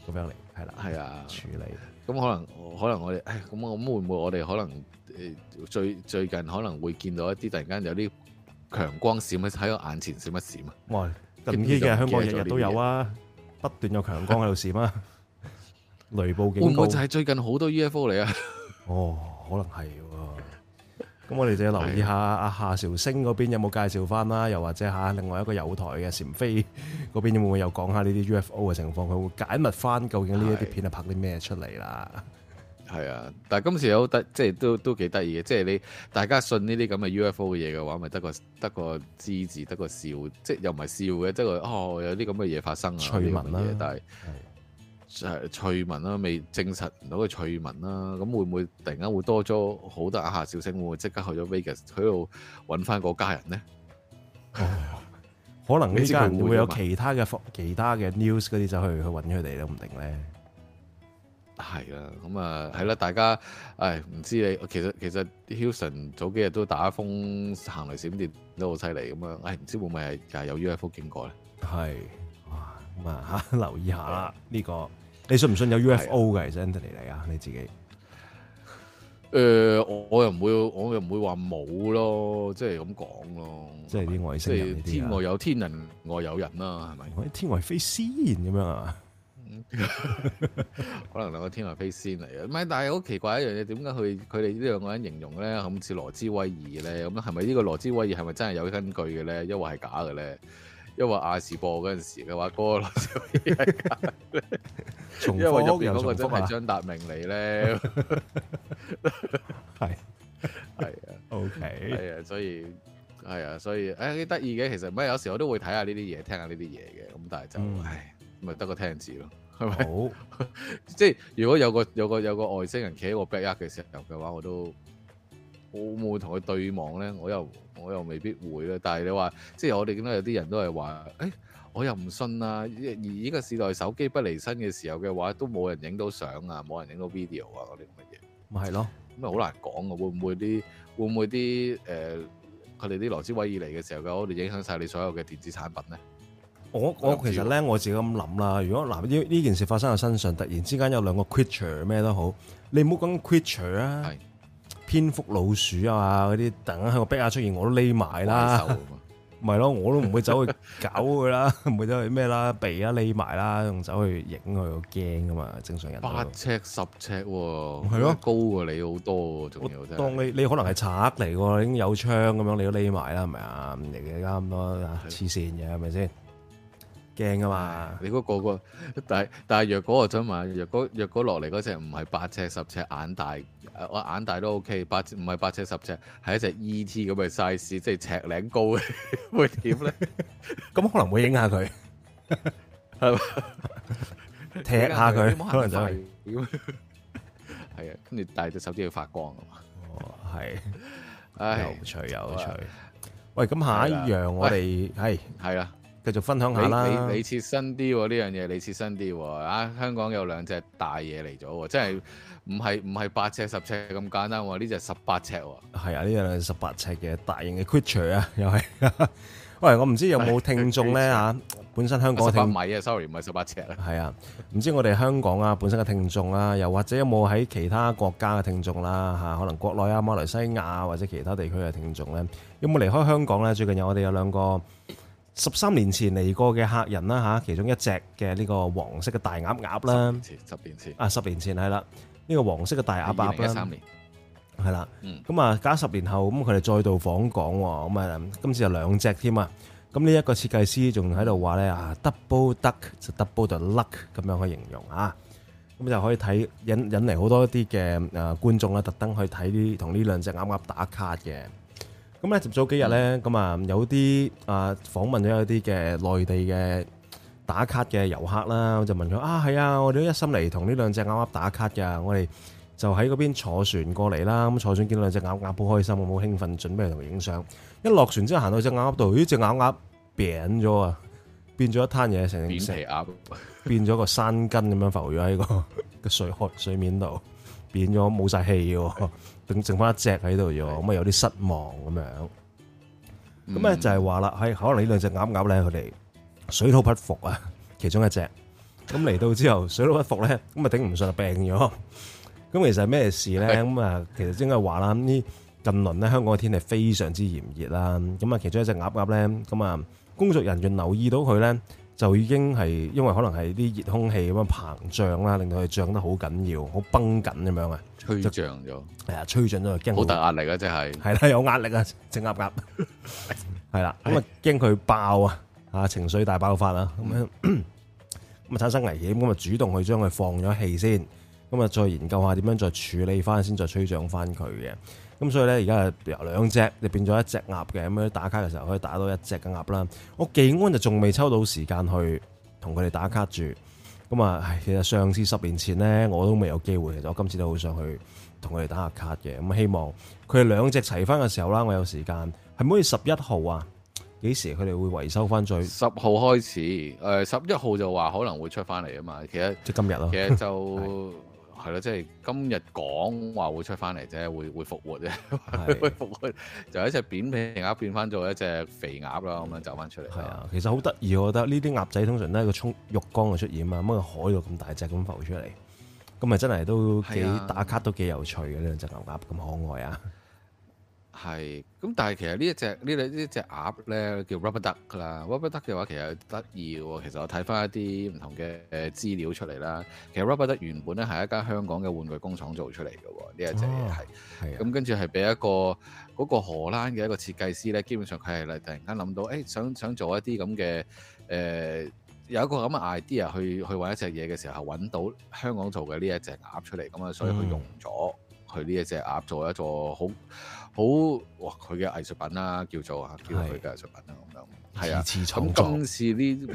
咁樣嚟，係啦，係啊，處理。咁可能可能我哋，咁我咁會唔會我哋可能？誒，最最近可能會見到一啲突然間有啲強光閃啊，喺我眼前閃一閃啊！哇，咁依家香港日日都有啊， 不斷有強光喺度閃啊，雷暴警告！會唔會就係最近好多 UFO 嚟啊？哦，可能係喎、啊。咁 我哋就要留意一下阿夏兆星嗰邊有冇介紹翻啦，的又或者嚇另外一個友台那有台嘅蟬飛嗰邊會唔會又講下呢啲 UFO 嘅情況，佢會解密翻究竟呢一啲片係拍啲咩出嚟啦？係啊，但係今次有得，即係都都幾得意嘅。即係你大家信呢啲咁嘅 UFO 嘅嘢嘅話，咪得個得個知字，得個笑，即係又唔係笑嘅，即係哦有啲咁嘅嘢發生啊，趣聞啊，咁嘅嘢，但係係趣聞啦，未證實唔到嘅趣聞啦。咁會唔會突然間會多咗好多一下小聲，會唔會即刻去咗 Vegas 喺度揾翻個家人呢？ 可能呢家人會唔會有其他嘅其他嘅 news 嗰啲就去去揾佢哋都唔定咧。係啦，咁啊，係、嗯、啦、啊，大家，唉，唔知你，其實其實 Hilson 早幾日都打風，行雷閃電都好犀利咁樣，唉，唔知會唔會係又係有 UFO 經過咧？係，哇，咁啊嚇，留意下啦，呢對、這個你信唔信有 UFO 嘅 Anthony 嚟啊，你自己？誒、呃，我又唔會，我又唔會話冇咯，即係咁講咯，即係啲外星、啊、天外有天人外有人啦，係咪？天外飛仙咁樣啊？ 可能兩個天外飛仙嚟，嘅，唔係但係好奇怪一樣嘢，點解佢佢哋呢兩個人形容咧，好似羅茲威爾咧，咁咧係咪呢個羅茲威爾係咪真係有根據嘅咧？因話係、那個，假嘅咧。因為亞視播嗰陣時嘅話，嗰個羅茲威爾係假，因為入邊嗰個真係張達明嚟咧，係係啊，OK，係啊，所以係啊，所以誒幾得意嘅，其實唔係有時我都會睇下呢啲嘢，聽下呢啲嘢嘅，咁但係就、嗯咪得個聽字咯，係咪？好， 即係如果有個有個有個外星人企喺我 back up 嘅時候嘅話，我都我會唔會同佢對望咧？我又我又未必會咯。但係你話即係我哋見到有啲人都係話，誒、欸、我又唔信啊！而呢依個時代手機不離身嘅時候嘅話，都冇人影到相啊，冇人影到 video 啊嗰啲咁嘅嘢。咪係咯，咁咪好難講啊。會唔會啲會唔會啲誒佢哋啲羅斯威爾嚟嘅時候嘅，我哋影響晒你所有嘅電子產品咧？我我其實咧，我自己咁諗啦。如果嗱呢呢件事發生喺身上，突然之間有兩個 creature 咩都好，你唔好講 creature 啊，是蝙蝠、老鼠啊嗰啲，突然間喺我壁下出現，我都匿埋啦。咪咯獸， 我都唔會走去搞佢啦，唔 會走去咩啦，避啊匿埋啦，仲走去影佢，驚噶嘛。正常人八尺十尺喎，係咯，喔、對啦高過你好多，當你你可能係賊嚟喎，已經有槍咁樣，你都匿埋啦，係咪啊？嚟加咁多黐線嘅係咪先？啊驚啊嘛！你嗰個，個個，但係但係，若果我想問，若果若果落嚟嗰隻唔係八尺十尺眼大，我、啊、眼大都 O K，八唔係八尺十尺，係一隻 E T 咁嘅 size，即係尺零高，會點咧？咁 可能會影下佢，吧踢下佢，可能就係，係啊， 跟住戴隻手指要發光啊嘛！哦，係，有趣 有趣。唉有趣喂，咁下一樣我哋係係啦。繼續分享下啦，你切身啲喎呢樣嘢，你切身啲喎、哦、啊！香港有兩隻大嘢嚟咗，即係唔係唔係八尺十尺咁簡單喎，呢隻十八尺喎。係啊，呢樣十八尺嘅大型嘅 q u 啊，又係。 喂，我唔知有冇聽眾呢？嚇、 啊，本身香港十八米啊，sorry 唔係十八尺啦。係啊，唔、啊、知我哋香港啊本身嘅聽眾啦、啊，又或者有冇喺其他國家嘅聽眾啦嚇？可能國內啊、馬來西亞或者其他地區嘅聽眾咧，有冇離開香港咧？最近有我哋有兩個。十三年前嚟過嘅客人啦嚇，其中一隻嘅呢個黃色嘅大鴨鴨啦，十年前，十年前啊，十年前係啦，呢個黃色嘅大鴨鴨啦，係啦，咁啊了、嗯嗯，加十年後咁佢哋再度訪港喎，咁啊，今次有兩隻添啊，咁呢一個設計師仲喺度話咧啊，double duck 就 double the luck 咁樣嘅形容啊，咁就可以睇引引嚟好多啲嘅誒觀眾啦，特登去睇啲同呢兩隻鴨鴨打卡嘅。咁咧早幾日咧，咁啊有啲啊訪問咗一啲嘅內地嘅打卡嘅遊客啦，我就問佢啊，係啊，我哋都一心嚟同呢兩隻鴨鴨打卡噶，我哋就喺嗰邊坐船過嚟啦。咁坐船見到兩隻鴨鴨好開心，好興奮，準備同佢影相。一落船之後行到隻鴨鴨度，咦，隻鴨鴨扁咗啊，變咗一灘嘢，成隻鴨變咗個山根咁樣浮咗喺個個水殼水面度，變咗冇晒氣喎。剩剩翻一隻喺度咁啊，有啲失望咁樣。咁咧的、嗯、就係話啦，係可能呢兩隻鴨鴨咧，佢哋水土不，不服啊，其中一隻。咁嚟到之後水土不，不服咧，咁啊頂唔順啊，病咗。咁其實係咩事咧？咁啊，其實應該話啦，呢，近輪咧，香港嘅天氣非常之炎熱啦。咁啊，其中一隻鴨鴨咧，咁啊工作人員留意到佢咧。就已經係因為可能係啲熱空氣咁樣膨脹啦，令到佢漲得好緊要，好崩緊咁樣啊就，吹漲咗，係啊，吹漲咗，驚好大壓力啊，即係係啦，有壓力啊，隻鴨鴨係啦，咁啊驚佢爆啊，啊情緒大爆發啊，咁樣咁啊產生危險，咁啊主動去將佢放咗氣先，咁啊再研究一下點樣再處理翻先，再吹漲翻佢嘅。咁所以咧，而家係由兩隻，你變咗一隻鴨嘅咁樣打卡嘅時候，可以打到一隻嘅鴨啦。我技安就仲未抽到時間去同佢哋打卡住。咁啊，其實上次十年前咧，我都未有機會。其實我今次都好想去同佢哋打下卡嘅。咁希望佢哋兩隻齊翻嘅時候啦，我有時間係唔可以十一號啊？幾時佢哋會維修翻最？十號開始，誒十一號就話可能會出翻嚟啊嘛。其實即今日咯。其實就。 係咯，即係今日講話會出翻嚟啫，會會復活啫，會復活,是會復活就一隻扁平鴨變翻做一隻肥鴨啦，咁樣走翻出嚟。係啊的，的其實好得意，的我覺得呢啲鴨仔通常都喺個沖浴缸嘅出現啊，乜嘢海度咁大隻咁浮出嚟，咁咪真係都幾的打卡，都幾有趣嘅呢兩隻牛鴨，咁可愛啊！係咁，但係其實呢一隻呢呢呢一隻鴨咧，叫 Rubber Duck 噶啦。Rubber Duck 嘅話，其實得意喎。其實我睇翻一啲唔同嘅資料出嚟啦。其實 Rubber Duck 原本咧係一間香港嘅玩具工廠做出嚟嘅。呢一隻嘢係咁，跟住係俾一個嗰、嗰個荷蘭嘅一個設計師咧，基本上佢係嚟突然間諗到，誒、欸、想想做一啲咁嘅誒有一個咁嘅 idea 去去揾一隻嘢嘅時候，揾到香港做嘅呢一隻鴨出嚟咁啊，所以佢用咗佢呢一隻鴨做一座好。嗯好哇！佢嘅藝術品啦、啊，叫做嚇，叫佢嘅藝術品啦，咁樣係啊。咁今次呢，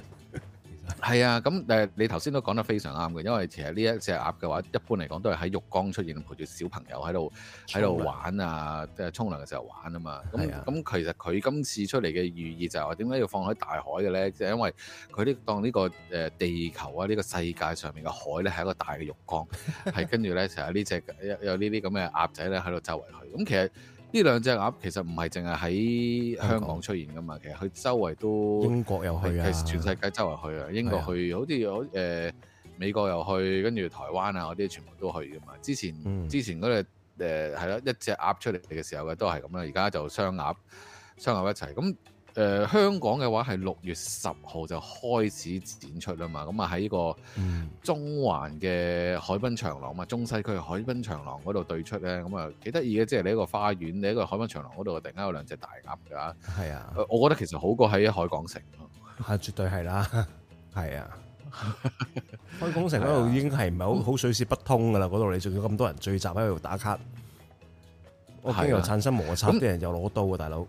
係 啊，咁誒，你頭先都講得非常啱嘅，因為其實呢一隻鴨嘅話，一般嚟講都係喺浴缸出現，陪住小朋友喺度喺度玩啊，即係沖涼嘅時候玩啊嘛。咁咁、啊、其實佢今次出嚟嘅寓意就係話，點解要放喺大海嘅咧？即、就、係、是、因為佢呢、這個、當呢個誒地球啊，呢、這個世界上面嘅海咧，係一個大嘅浴缸，係跟住咧就有呢隻有呢啲咁嘅鴨仔咧喺度周圍去。咁其實。呢兩隻鴨其實唔係淨係喺香港出現噶嘛，其實佢周圍都英國又去，啊，其實全世界周圍去啊，英國去，的好似有、呃、美國又去，跟住台灣啊嗰啲全部都去噶嘛。之前、嗯、之前嗰隻誒係咯，一隻鴨出嚟嘅時候嘅都係咁啦，而家就雙鴨雙鴨一齊咁。誒、呃、香港嘅話係六月十號就開始展出啦嘛，咁啊喺個中環嘅海濱長廊啊嘛，嗯、中西區海濱長廊嗰度對出咧，咁啊幾得意嘅，即、就、係、是、你一個花園，你一個海濱長廊嗰度突然間有兩隻大鴨嘅嚇，係啊、呃，我覺得其實好過喺海港城咯。係、啊、絕對係啦，係啊，海港 城嗰度已經係唔係好好水泄不通噶啦，嗰度你仲要咁多人聚集喺度打卡，啊、我驚又產生摩擦那，啲人又攞刀啊大佬。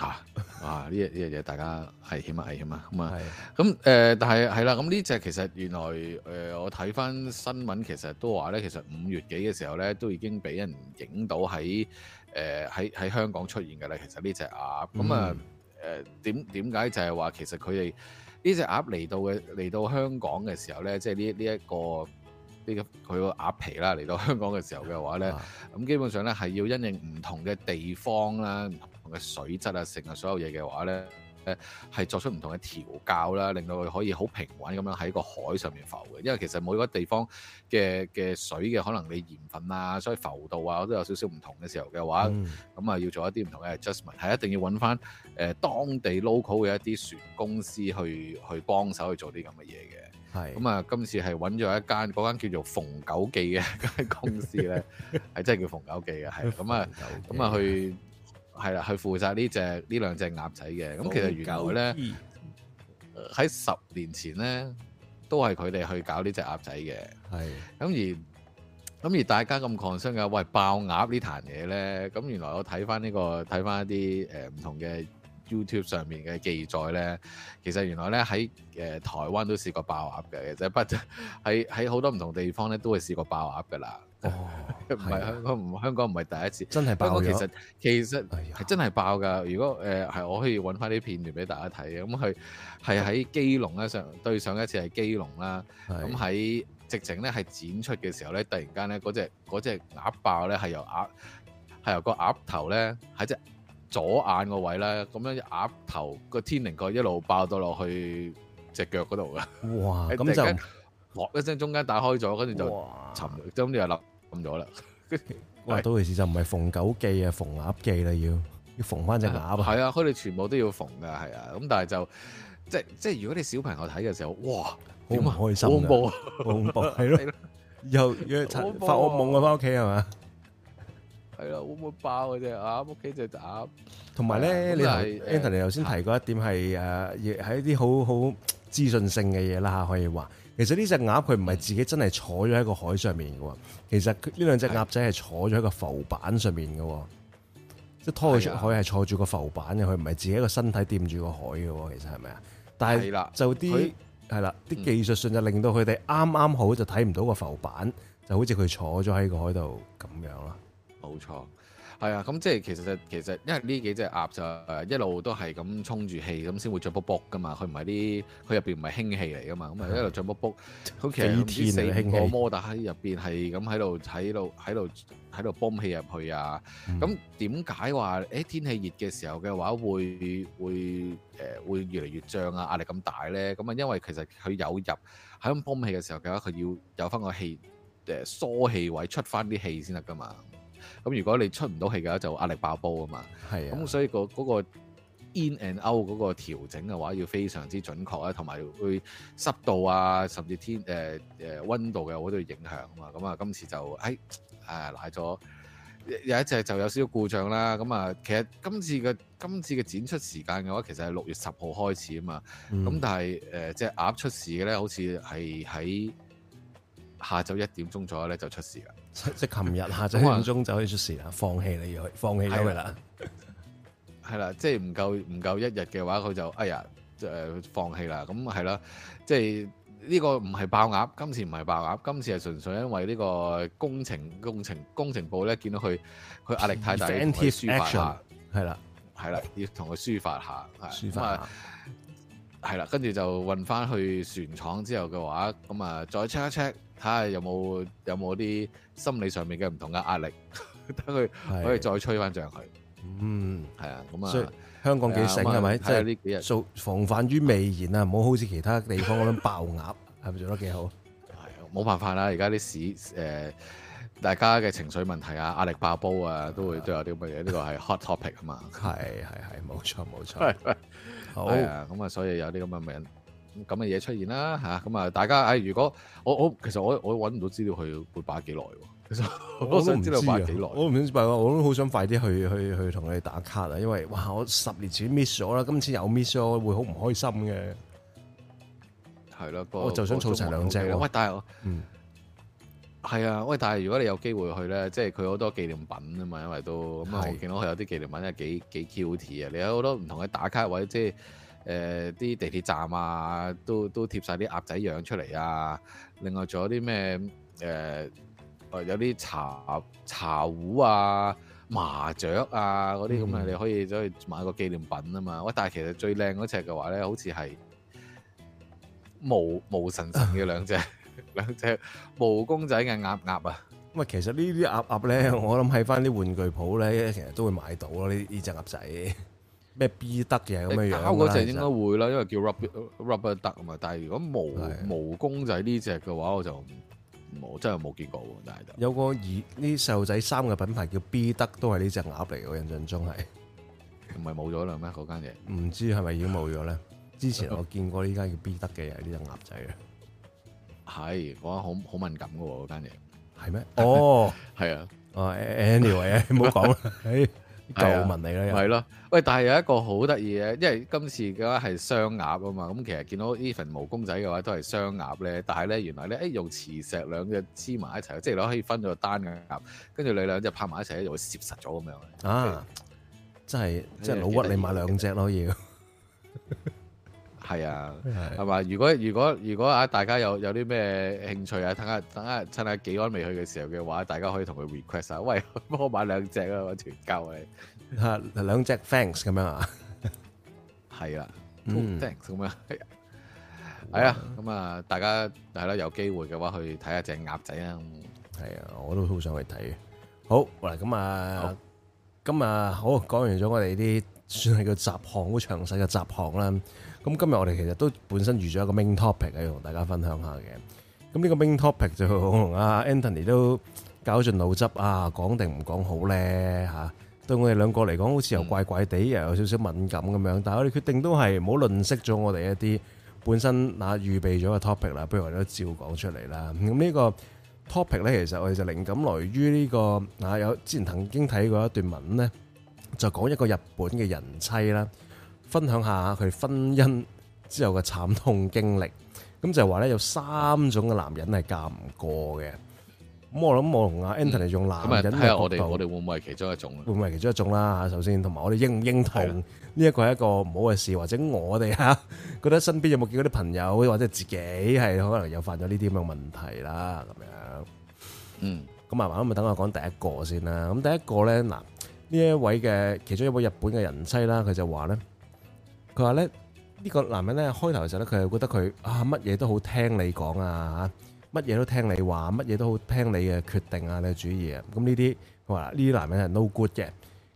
吓、啊！哇！呢隻呢隻嘢，大家危險啊，危險啊！咁啊的，咁誒、呃，但係係啦，咁呢隻其實原來誒、呃，我睇翻新聞，其實都話咧，其實五月幾嘅時候咧，都已經畀人影到喺誒喺喺香港出現嘅啦。其實呢隻鴨，咁啊誒，點點解就係話其實佢哋呢隻鴨嚟到嘅嚟到香港嘅時候咧，即係呢呢一個呢個佢個鴨皮啦嚟到香港嘅時候嘅話咧，咁、啊、基本上咧係要因應唔同嘅地方啦。嘅水質啊，成啊所有嘢嘅話咧，誒係作出唔同嘅調校啦，令到佢可以好平穩咁樣喺個海上面浮嘅。因為其實每一個地方嘅嘅水嘅可能你鹽分啊，所以浮度啊，都有少少唔同嘅時候嘅話，咁啊、嗯、要做一啲唔同嘅 adjustment，係一定要揾翻誒當地 local 嘅一啲船公司去去幫手去做啲咁嘅嘢嘅。係咁是的 啊，今次係揾咗一間嗰間叫做逢九記嘅間公司咧，係 真係叫逢九記嘅，係咁啊，咁啊去。係啦，去負責呢隻呢兩隻鴨仔嘅。咁、嗯、其實原來咧，喺、嗯、十年前咧，都係佢哋去搞呢隻鴨仔嘅。係的。咁而咁而大家咁 concern 嘅，喂爆鴨呢壇嘢咧，咁原來我睇翻呢個睇翻一啲誒唔同嘅 YouTube 上面嘅記載咧，其實原來咧喺誒台灣都試過爆鴨嘅，即係不喺喺好多唔同地方咧都係試過爆鴨嘅啦。哦，唔係、啊、香港，唔、啊、香港唔係第一次，真係爆其實其實係真係爆噶。哎、呀如果誒係、呃，我可以揾翻啲片段俾大家睇嘅。咁佢係喺基隆咧、啊、上對上一次係基隆啦。咁喺、啊嗯、直情咧係展出嘅時候咧，突然間咧嗰隻嗰隻鴨爆咧係由鴨係由個鴨頭咧喺隻左眼個位咧，咁樣鴨頭個天靈蓋一路爆到落去隻腳嗰度噶。哇！咁就落一聲，然哇中間打開咗，跟住就沉，跟住又立。咁咗啦，哇！到時就唔係縫狗記啊，縫鴨記啦，要要縫翻隻鴨啊！係啊，佢哋全部都要縫噶，係啊。咁但係就即係即係，如果你小朋友睇嘅時候，哇，好唔開心，恐怖，恐怖，係咯，又一發惡夢啊，翻屋企係嘛？係咯，會唔會爆隻鴨？啊，屋企隻鴨。同埋咧，你頭 Anthony 頭先提過一點係誒，亦係一啲好好資訊性嘅嘢啦，吓可以話。其實呢隻鴨佢唔係自己真係坐咗喺個海上面嘅，其實呢兩隻鴨仔係坐咗喺個浮板上面嘅，是的即係拖佢出海係坐住個浮板嘅，佢唔係自己一個身體掂住個海嘅，其實係咪啊？但係就啲係啦，啲技術上就令到佢哋啱啱好就睇唔到個浮板，就好似佢坐咗喺個海度咁樣咯。冇錯。係啊，咁、嗯、即係其實其實，因為呢幾隻鴨就誒、啊、一路都係咁充住氣，咁先會漲卜卜噶嘛。佢唔係啲佢入邊唔係氫氣嚟噶嘛，咁啊、嗯、一路漲卜卜。好似二似四、天、啊、四個摩打喺入邊係咁喺度喺度喺度喺度泵氣入去啊。咁點解話誒天氣熱嘅時候嘅話會會誒會、呃、會越嚟越漲啊，壓力咁大咧？咁啊，因為其實佢有入喺咁泵氣嘅時候嘅話，佢要有翻個氣誒疏氣位出翻啲氣先得噶嘛。咁如果你出唔到氣嘅話就壓力爆煲啊嘛，係啊，咁所以嗰個嗰 in and out 嗰個調整嘅話要非常之準確啊，同埋會濕度啊，甚至天誒誒、呃呃、溫度嘅好多影響啊嘛，咁啊今次就喺誒賴咗有一隻就有少少故障啦，咁啊其實今次嘅今次嘅展出時間嘅話，其實係六月十號開始啊嘛，咁、嗯、但係誒隻鴨出事嘅咧，好似係喺下晝一點鐘左右咧就出事啦。即係琴日下晝五鐘就可以出事啦，放棄你要去放棄啦，係啦，係即係唔夠唔夠一日嘅話，佢就哎呀，誒、呃、放棄啦，咁係啦，即係呢個唔係爆鴨，今次唔係爆鴨，今次係純粹因為呢個工程工程工程部咧見到佢佢壓力太大，n t 抒發下，係啦係啦，要同佢抒發下，咁啊係啦，跟住、嗯嗯嗯、就運翻去船廠之後嘅話，咁、嗯、啊再 check 一 check。睇下有冇有冇啲心理上面嘅唔同嘅壓力，等佢可以再吹翻上去。嗯，係啊，咁啊，香港幾醒係咪？即係呢幾日，防範於未然啊，唔好好似其他地方咁樣爆鴨，係咪做得幾好？係冇辦法啦，而家啲市誒，大家嘅情緒問題啊，壓力爆煲啊，都會都有啲乜嘢。呢個係 hot topic 啊嘛，係係係冇錯冇錯，好咁啊，所以有啲咁嘅名。咁嘅嘢出現啦嚇，咁啊大家，唉、哎、如果我我其實我我揾唔到資料佢會擺幾耐喎，其實我想知道擺幾耐。我唔想擺，我都好想快啲去去去同你打卡啊，因為哇我十年前 miss 咗啦，今次又 miss 咗，會好唔開心嘅。係咯，我就想儲齊兩隻咯。喂，但係，嗯，係啊，喂，但係如果你有機會去咧，即係佢好多紀念品啊嘛，因為都咁啊，嗯、是的 我見到佢有啲紀念品係幾幾 cute 啊，你有好多唔同嘅打卡或者即係。誒啲、呃、地鐵站啊，都都貼晒啲鴨仔樣出嚟啊！另外仲有啲咩誒？有啲茶茶壺啊、麻雀啊嗰啲咁啊，你可以走去買個紀念品啊嘛！哇、嗯！但係其實最靚嗰隻嘅話咧，好似係毛毛神神嘅兩隻 兩隻毛公仔嘅鴨鴨啊！咁啊，其實呢啲鴨鴨咧，我諗喺翻啲玩具鋪咧，其實都會買到咯。呢呢隻鴨仔。咩 B 得嘅咁嘅樣啦，嗰隻應該會啦，實因為叫 rub, Rubber Rubber 德嘛。但係如果毛是的 毛公仔呢隻嘅話，我就冇真係冇見過。但係有個二呢細路仔衫嘅品牌叫 B 得，都係呢隻鴨嚟。我印象中係唔係冇咗啦咩？嗰間嘢唔知係咪已經冇咗咧？之前我見過呢間叫 B 得嘅，係呢隻鴨仔嘅。係講得好好敏感噶嗰間嘢，係咩？哦，係、oh, 啊，Anyway，唔好講啦。 就啊，問你啦，係咯，喂，但係有一個好得意嘅，因為今次嘅話係雙鴨啊嘛，咁其實見到呢 n 毛公仔嘅話都係雙鴨咧，但係咧原來咧，誒用磁石兩隻黐埋一齊，即係攞可以分咗個單嘅鴨，跟住你兩隻拍埋一齊咧就會攝實咗咁樣。啊，以真係真係老屈，你買兩隻咯要。 係啊，係咪？如果如果如果啊，大家有有啲咩興趣啊，等下等下趁下技安未去嘅時候嘅話，大家可以同佢 request 啊，喂，幫我買兩隻啊，團購啊，吓兩隻 thanks 咁樣啊，係啊、mm.，two thanks 咁樣係啊，咁啊，啊、嗯，大家係啦、啊，有機會嘅話去睇下隻鴨仔啊，係啊，我都好想去睇。好，嗱，咁啊，咁好啊，好講完咗我哋啲算係個雜項好詳細嘅雜項啦。咁今日我哋其實都本身預咗一個 main topic 要同大家分享下嘅。咁呢個 main topic 就同阿 Anthony 都搞盡腦汁啊，講定唔講好咧嚇。對我哋兩個嚟講，好似又怪怪地，又有少少敏感咁樣。但係我哋決定都係唔好吝嗇咗我哋一啲本身嗱預備咗嘅 topic 啦，不如我哋都照講出嚟啦。咁呢個 topic 咧，其實我哋就靈感來於呢個嗱，有之前曾經睇過一段文咧，就講一個日本嘅人妻啦。分享下佢婚姻之後嘅慘痛經歷，咁就係話咧有三種嘅男人係嫁唔過嘅，咁我諗我同阿 Anthony 種男人嘅角度、嗯嗯、看看我哋我哋會唔會係其中一種？會唔會係其中一種啦？吓，首先同埋我哋應唔應同呢的一個係一個唔好嘅事，或者我哋吓覺得身邊有冇見嗰啲朋友或者自己係可能又犯咗呢啲咁嘅問題啦？咁樣，嗯，咁慢慢咪等我講第一個先啦。咁第一個咧，嗱呢一位嘅其中一位日本嘅人妻啦，佢就話咧。佢話咧呢、呢個男人咧開頭嘅時候咧，佢係覺得佢啊乜嘢都好聽你講啊、乜嘢、啊、都聽你話，乜嘢都好聽你嘅決定啊、你嘅主意啊，咁呢啲佢話呢啲男人係 no good 嘅。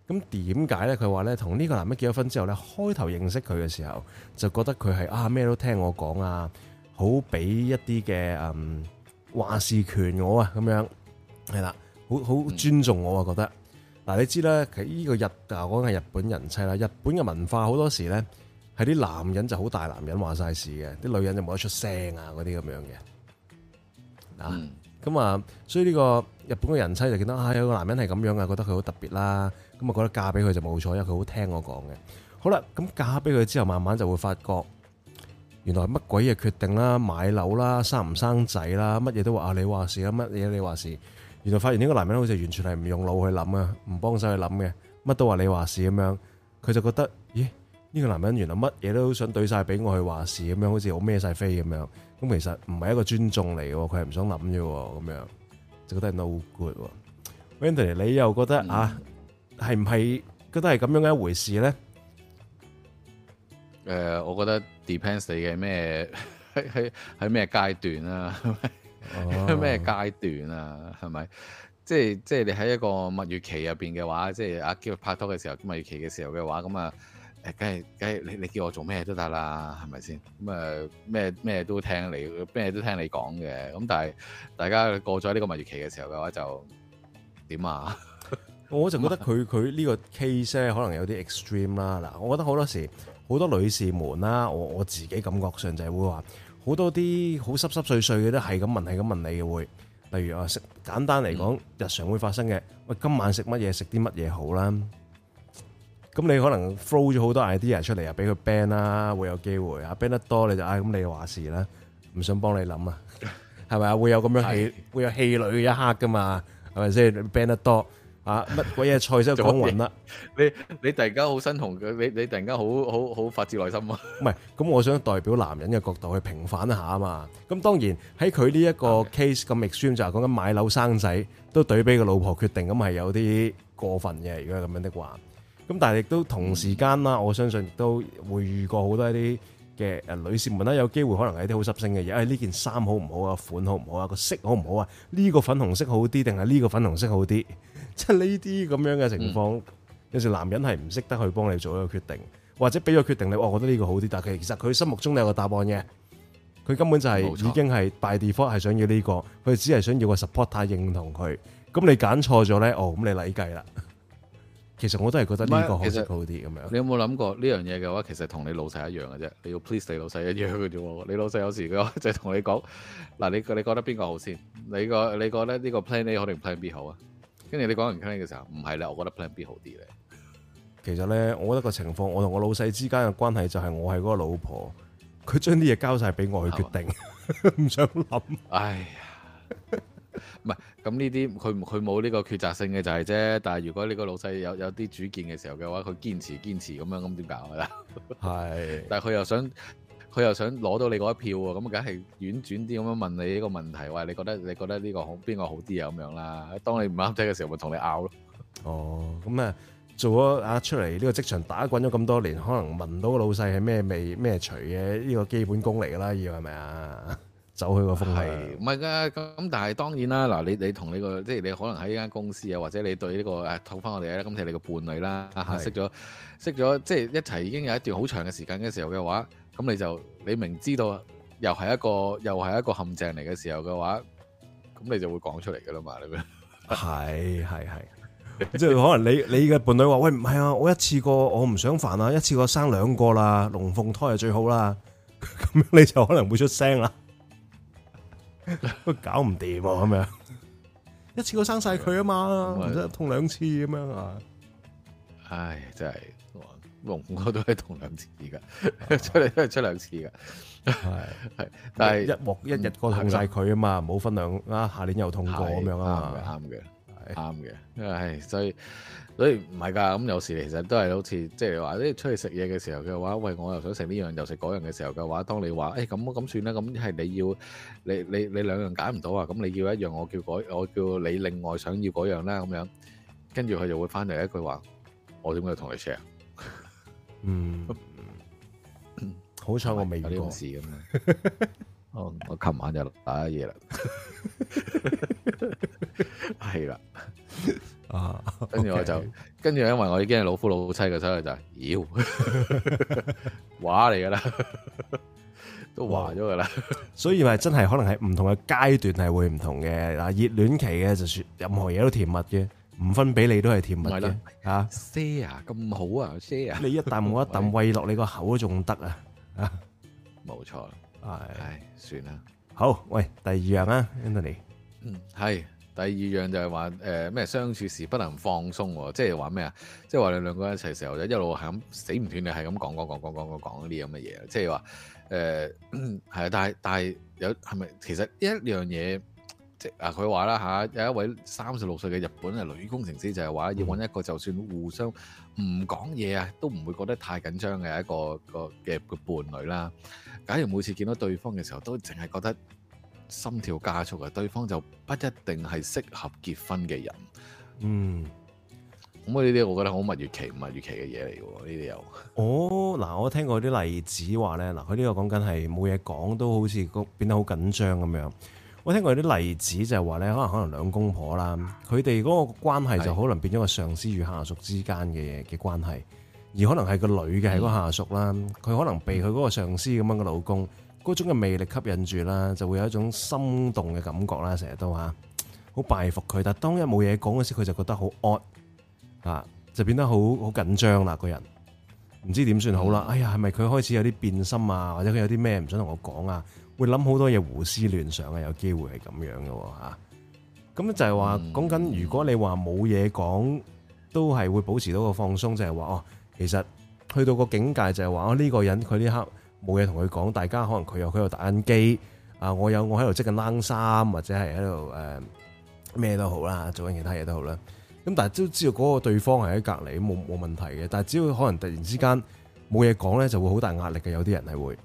咁點解咧？佢話咧同呢個男人結咗婚之後咧，開頭認識佢嘅時候就覺得佢係啊咩都聽我講啊，好俾一啲嘅嗯話事權我啊，咁樣係啦，好好尊重我啊覺得。嗱、啊、你知啦，佢、這、呢個日我講緊日本人妻啦，日本嘅文化好多時咧。係啲男人就好大男人話晒事嘅，啲女人就冇得出聲啊，嗰啲咁樣嘅，啊、嗯，咁啊，所以呢個日本嘅人妻就見到啊、哎、有個男人係咁樣啊，覺得佢好特別啦，咁啊覺得嫁俾佢就冇錯，因為佢好聽我講嘅。好啦，咁嫁俾佢之後，慢慢就會發覺，原來乜鬼嘢決定啦，買樓啦，生唔生仔啦，乜嘢都話啊你話事啊，乜嘢你話事。原來發現呢個男人好似完全係唔用腦去諗啊，唔幫手去諗嘅，乜都話你話事咁樣，佢就覺得，咦？呢個男人原來乜嘢都想對晒俾我去話事咁樣，好似好孭晒飛咁樣。咁其實唔係一個尊重嚟嘅，佢係唔想諗啫。咁樣，就覺得係 no good。Wendy、嗯、你又覺得啊，係唔係覺得係咁樣嘅一回事咧？誒、呃，我覺得 depends 你嘅咩喺咩階段啊？係咪咩階段啊？係咪？即係即係你喺一個蜜月期入邊嘅話，即係阿嬌拍拖嘅時候，蜜月期嘅時候嘅話，咁啊～梗係梗係，你你叫我做咩都得啦，係咪先？咁誒，咩咩都聽你，咩都聽你講嘅。咁但係大家過咗呢個蜜月期嘅時候嘅話就，就點啊？ 我就覺得佢佢呢個 case 咧，可能有啲 extreme 啦。嗱，我覺得好多時好多女士們啦，我我自己感覺上就係會話好多啲好濕濕碎碎嘅都係咁問，係咁問你嘅會。例如啊，食簡單嚟講，嗯、日常會發生嘅，喂，今晚食乜嘢？食啲乜嘢好啦？咁你可能 throw 咗好多 idea 出嚟，又俾佢 ban 啦，會有機會啊。ban 得多你就唉，咁你話事啦，唔想幫你諗啊，係咪啊？會有咁樣氣，會有氣餒嘅一刻噶嘛？係咪先？你 ban 得多啊，乜鬼嘢菜式講勻啦？你你突然間好新紅嘅，你你突然間好好好發自內心啊？唔係，咁我想代表男人嘅角度去平反一下啊嘛。咁當然喺佢呢一個 case 咁 extreme 就係講緊買樓生仔都懟俾個老婆決定，咁係有啲過分嘅。如果咁樣的話。咁但係亦都同時間啦，我相信亦都會遇過好多一啲嘅誒女士們啦，有機會可能係一啲好濕性嘅嘢，誒呢件衫好唔好啊？款好唔好啊？個色好唔好啊？呢個粉紅色好啲定係呢個粉紅色好啲？即係呢啲咁樣嘅情況，有時男人係唔識得去幫你做一個決定，或者俾個決定你，我覺得呢個好啲，但係其實佢心目中有個答案嘅，佢根本就係已經係 by default 係想要呢個，佢只係想要個 supporter 認同佢，咁你揀錯咗咧，哦咁你嚟計啦。其實我都係覺得呢個好啲咁樣。你有冇諗過呢樣嘢嘅話，其實同你老細一樣嘅啫。你要 please 你老細一樣嘅啫。你老細有時嘅話就係同你講嗱，你你覺得邊個好先？你個你覺得呢個 plan A 好定 plan B 好啊？跟住你講完 plan A 嘅時候，唔係咧，我覺得 plan B 好啲咧。其實咧，我覺得個情況，我同我老細之間嘅關係就係我係嗰個老婆，佢將啲嘢交晒俾我去決定，唔想諗。哎呀。唔係，咁呢啲佢佢冇呢個抉擇性嘅就係、是、啫。但係如果你個老細有有啲主見嘅時候嘅話，佢堅持堅持咁樣，咁點搞啊？係 是。但係佢又想佢又想攞到你嗰一票喎，咁梗係婉轉啲咁樣問你呢個問題。喂，你覺得你覺得呢、這個好邊個好啲啊？咁樣啦，當你唔啱仔嘅時候，咪同你拗咯。哦，咁啊，做咗啊出嚟呢個職場打滾咗咁多年，可能聞到個老細係咩味咩除嘅呢個基本功嚟㗎啦，要係咪啊？走去個風嘛？係唔係噶？咁但係當然啦。嗱，你你同你個即係你可能喺呢間公司啊，或者你對呢個誒，講翻我哋咧，今次你個伴侶啦，嚇識咗識咗，即係一齊已經有一段好長嘅時間嘅時候嘅話，咁你就你明知道又係一個又係一個陷阱嚟嘅時候嘅話，咁你就會講出嚟嘅啦嘛？你係係係，即係可能你你嘅伴侶話：喂，唔係啊，我一次過我唔想煩啊，一次過生兩個啦，龍鳳胎係最好啦，咁你就可能會出聲啦。都搞唔掂啊！咁樣一次過生晒佢啊嘛，唔使痛兩次咁樣啊！唉，真係龍哥都係痛兩次噶，出嚟都係出兩次噶，係係，但係一鑊一日過痛晒佢啊嘛，唔好分兩啊，下年又痛過咁樣啊，啱嘅，啱嘅，所以。所以唔係㗎，咁有時其實都係好似即係話咧，出去食嘢嘅時候嘅話，喂，我又想食呢樣，又食嗰樣嘅時候嘅話，當你話，誒咁咁算啦，咁係你要你你你兩樣揀唔到啊，咁你要一樣，我叫嗰，我叫你另外想要嗰樣啦，咁樣跟住佢就會翻嚟一句話，我點解要同你 share？嗯，好彩我未遇過呢件事咁啊。哦，我琴晚就打嘢啦。係啦。啊！跟住我就，跟住因為我已經係老夫老妻嘅，所以就妖話嚟噶啦，都話咗噶啦。所以咪真係可能喺唔同嘅階段係會唔同嘅嗱，熱戀期嘅就算任何嘢都甜蜜嘅，唔分畀你都係甜蜜嘅吓。share 咁好啊，share 你一啖我一啖喂落你個口都仲得啊，冇錯係算啦。好，喂，第二樣啊，Anthony，嗯係。第二樣就係話誒咩相處時不能放鬆喎，即係話咩啊？即係話你兩個人一齊時候就一路係咁死唔斷，你係咁講講講講講講講啲咁嘅嘢，即係話誒係啊！但係但係有係咪？其實一樣嘢即係佢話啦吓，有一位三十六歲嘅日本嘅女工程師就係話要搵一個就算互相唔講嘢啊，都唔會覺得太緊張嘅一個一個嘅個伴侶啦。假如每次見到對方嘅時候都淨係覺得心跳加速嘅，對方就不一定係適合結婚嘅人。嗯，咁啊呢啲，我覺得好蜜月期，蜜月期嘅嘢嚟嘅喎。呢啲又，哦嗱、oh,，我聽過啲例子話咧，嗱，佢呢個講緊係冇嘢講都好似變得好緊張咁樣。我聽過有啲例子就係話咧，可能可能兩公婆啦，佢哋嗰個關係就可能變咗個上司與下屬之間嘅嘅關係，的而可能係個女嘅係個下屬啦，佢、嗯、可能被佢嗰個上司咁樣嘅老公。嗰種嘅魅力吸引住啦，就會有一種心動嘅感覺啦，成日都話好拜服佢。但係當一冇嘢講嘅時候，佢就覺得好惡啊，就變得好好緊張啦。個人唔知點算好啦。哎呀，係咪佢開始有啲變心啊？或者佢有啲咩唔想同我講啊？會諗好多嘢，胡思亂想啊。有機會係咁樣嘅嚇。咁就係話講緊，如果你話冇嘢講，都係會保持到個放鬆。就係話哦，其實去到個境界就係話呢個人佢呢刻，冇嘢同佢講，大家可能佢有喺度打緊機，啊我有我喺度織緊冷衫，或者係喺度誒咩都好啦，做緊其他嘢都好啦。咁但係都知道嗰個對方係喺隔離，冇冇問題嘅。但係只要可能突然之間冇嘢講咧，就會好大壓力嘅。有啲人係會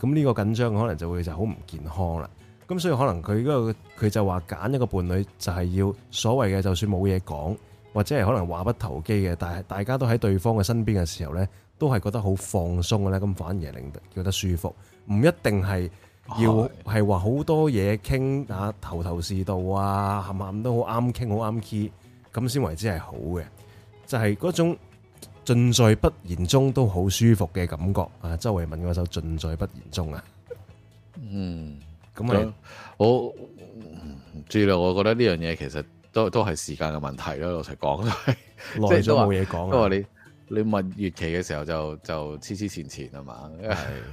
咁呢個緊張，可能就會就好唔健康啦。咁所以可能佢嗰佢就話揀一個伴侶，就係要所謂嘅，就算冇嘢講，或者係可能話不投機嘅，但係大家都喺對方嘅身邊嘅時候咧。都係覺得好放鬆嘅咧，咁反而令到覺得舒服，唔一定係要係話好多嘢傾啊，頭頭是道啊，咸咸都好啱傾，好啱 key 咁先為之係好嘅，就係、是、嗰種盡在不言中都好舒服嘅感覺啊！周慧敏嗰首《盡在不言中》啊，嗯，咁啊你，我知啦，我覺得呢樣嘢其實都都係時間嘅問題咯，老實講，耐都冇嘢講啊，就是、你。你問月期嘅時候就就黐黐纏纏係嘛？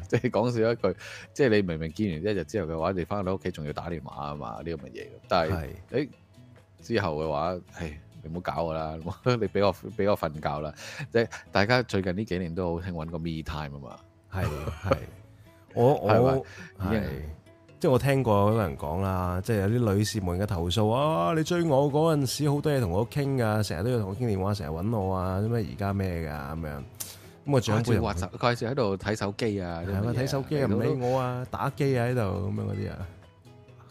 即係講少一句，即係你明明見完一日之後嘅話，你翻到屋企仲要打電話啊嘛？呢咁嘅嘢。但係誒是之後嘅話係你唔好搞我啦，你俾我俾我瞓覺啦。即係大家最近呢幾年都好興揾個 me time 啊嘛。係係， 我我已吧的即係我聽過有人講啦，即係有啲女士們嘅投訴啊。你追我嗰陣時，好多嘢同我傾噶，成日都要同我傾電話，成日揾我啊。做咩而家咩噶咁樣咁，個長輩掛住喺度睇手機啊，睇手機唔理我啊，打機啊喺度咁樣嗰啲啊。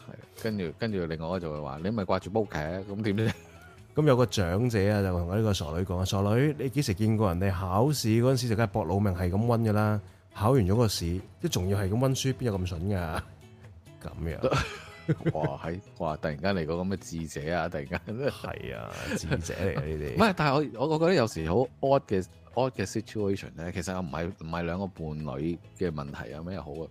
係，跟住跟住另外就會話你咪掛住煲劇咁點啫？咁有個長者啊，就同我呢個傻女講：傻女，你幾時見過人哋考試嗰陣時就梗係搏老命係咁温噶啦？考完咗個試，一仲要係咁温書，邊有咁筍噶？咁這樣 哇，喺哇，突然間嚟個咁嘅智者啊！突然間係啊，智者嚟嘅呢啲。唔係， 但係我我覺得有時好 odd 嘅 odd 嘅 situation 咧，其實我唔係唔係兩個伴侶嘅問題有咩好啊？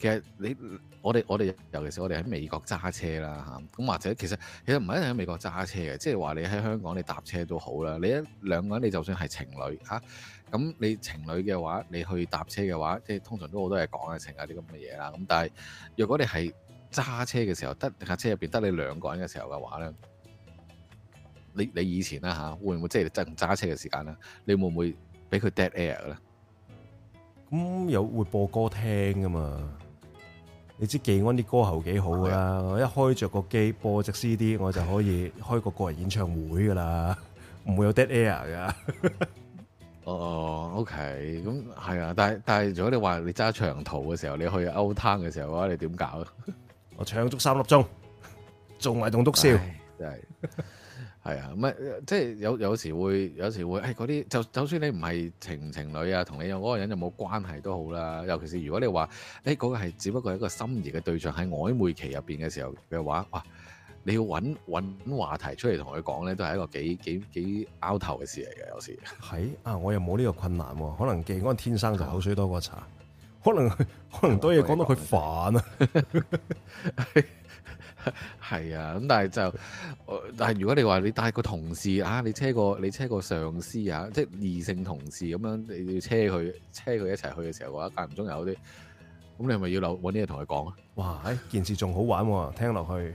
其實你我哋我哋尤其是我哋喺美國揸車啦嚇，咁或者其實其實唔係一定喺美國揸車嘅，即係話你喺香港你搭車都好啦，你一兩個人你就算係情侶嚇。啊。咁你情侶嘅話，你去搭車嘅話，即係通常都好多嘢講啊，情啊啲咁嘅嘢啦。咁但係若果你係揸車嘅時候，得架車入邊得你兩個人嘅時候嘅話咧，你你以前啦、啊、嚇，會唔會即係你揸車嘅時間咧，你會唔會俾佢 dead air 咧？咁有會播歌聽噶嘛？你知技安啲歌喉幾好啦，啊、我一開着個機播隻 CD，我就可以開個個人演唱會噶啦，唔的 會有 dead air 噶。 哦、oh，OK，咁係啊，但係但係，如果你話你揸長途嘅時候，你去 out 灘嘅時候話，你點搞、就是、啊？我唱足三粒鐘，仲係棟篤笑，真係係啊，咁啊，即係有有時會，有時會，誒、哎，嗰啲就就算你唔係情情侶啊，同你有嗰個人有冇關係都好啦，尤其是如果你話誒嗰個係只不過一個心儀嘅對象喺曖昧期入邊嘅時候嘅話，哇！你要揾揾話題出嚟同佢講咧，都係一個幾幾幾拗頭嘅事嚟嘅，有時係啊，我又冇呢個困難、啊，可能既嗰個天生就口水多過茶、啊可，可能可能多嘢講到佢煩啊，係 啊，咁但係就，但係如果你話你帶個同事啊，你車個你車個上司啊，即係異性同事咁樣、啊，你要車佢車佢一齊去嘅時候嘅話，間唔中有啲，咁你係咪要留揾啲嘢同佢講啊？哇、欸，件事仲好玩、啊，聽落去。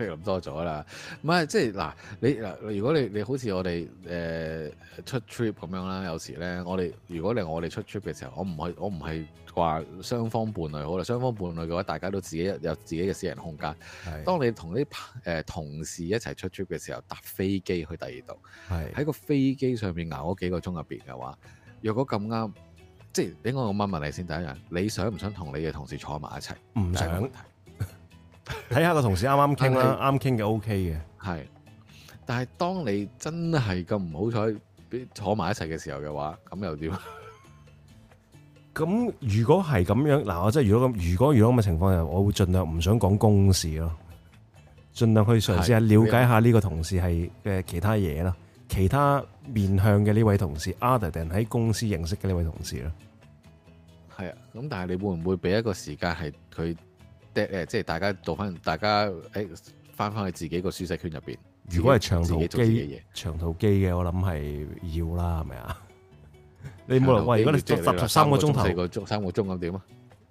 即咁多咗啦，唔係即係嗱，你嗱，如果你你好似我哋誒、呃、出 trip 咁樣啦，有時咧，我哋如果你我哋出 trip 嘅時候，我唔係我唔係話雙方伴侶好啦，雙方伴侶嘅話，大家都自己有自己嘅私人空間。係的，當你同啲誒同事一齊出 trip 嘅時候，搭飛機去第二度，係喺的個飛機上面熬咗幾個鐘入邊嘅話，若果咁啱，即係俾我問問你先第一樣，你想唔想同你嘅同事坐埋一齊？唔想。睇下個同事啱啱傾啦，啱傾嘅 OK 嘅，係。但係當你真係咁唔好彩，坐埋一齊嘅時候嘅話，咁又點？咁如果係咁樣，嗱，我真係如果咁，如果如果咁嘅情況下，我會盡量唔想講公事咯，盡量去嘗試下了解下呢個同事係嘅其他嘢啦，的其他面向嘅呢位同事的，other than 喺公司認識嘅呢位同事咯。係啊，咁但係你會唔會俾一個時間係佢？嘅即係大家做翻，大家誒翻翻去自己個舒適圈入邊。如果係長途機嘅嘢，長途機嘅我諗係要啦，係咪啊？你冇理由喂，如果你做三個鐘頭，四個鐘三個鐘咁點啊？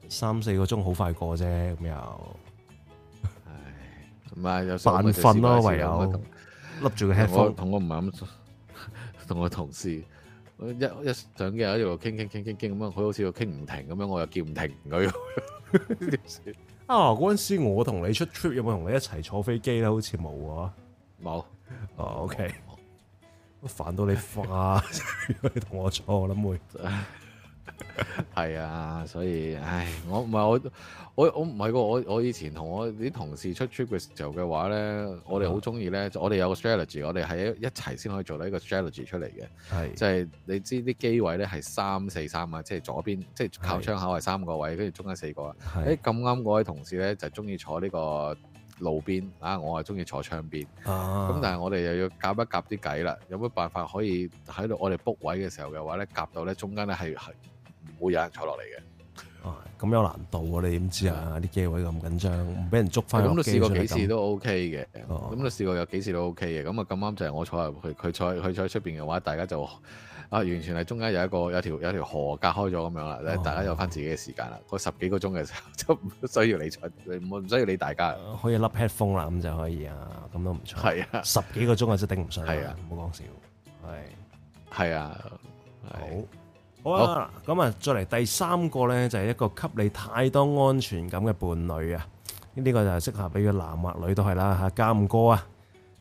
三四個鐘好快過啫，咁又唉，同埋又扮瞓咯，唯有笠住個 headphone。同樣我唔係咁，同我，我同事我一一上嘅，喺度傾傾傾傾傾，咁樣佢好似傾唔停咁樣，我又叫唔停佢。 啊！嗰陣時我同你出 trip 有冇同你一齊坐飛機咧？好似冇啊，冇有。哦、oh,，OK，都 煩到你花， 你同我坐啦妹。我 係 啊，所以唉，我唔係我我我唔係我我以前同我啲同事出 trip 嘅時候嘅話咧，我哋好中意咧，啊、我哋有個 strategy，我哋喺一齊先可以做到一個 strategy 出嚟嘅。係是，就係你知啲機位咧係三四三啊，即係左邊即係靠窗口係三個位，跟住是中間四個啊，誒咁啱嗰位同事咧就中、是、意坐呢個路邊啊，我係中意坐窗邊咁、啊、但係我哋又要夾一夾啲計啦，有乜辦法可以喺度我哋 book 位嘅時候嘅話咧，夾到咧中間咧係係。會有人坐落嚟嘅，哦，咁有難度嘅，你點知啊？啲機位咁緊張，唔俾人捉翻。咁都試過幾次都 OK 嘅，咁都試過有幾次都 OK 嘅。咁啊，咁啱就係我坐入去，佢坐佢坐喺出邊嘅話，大家就啊，完全係中間有一個有條有條河隔開咗咁樣啦，大家有翻自己嘅時間啦。個十幾個鐘嘅時候就唔需要理出，唔需要理大家，可以笠 headphone 啦，咁就可以啊，咁都唔錯。係啊，十幾個鐘嘅真頂唔順，係啊，唔好講笑，係，係啊，好。好啦，咁啊，再嚟第三個咧，就係一個給你太多安全感嘅伴侶啊。呢個就係適合你個男或女都係啦嚇，夾唔啊。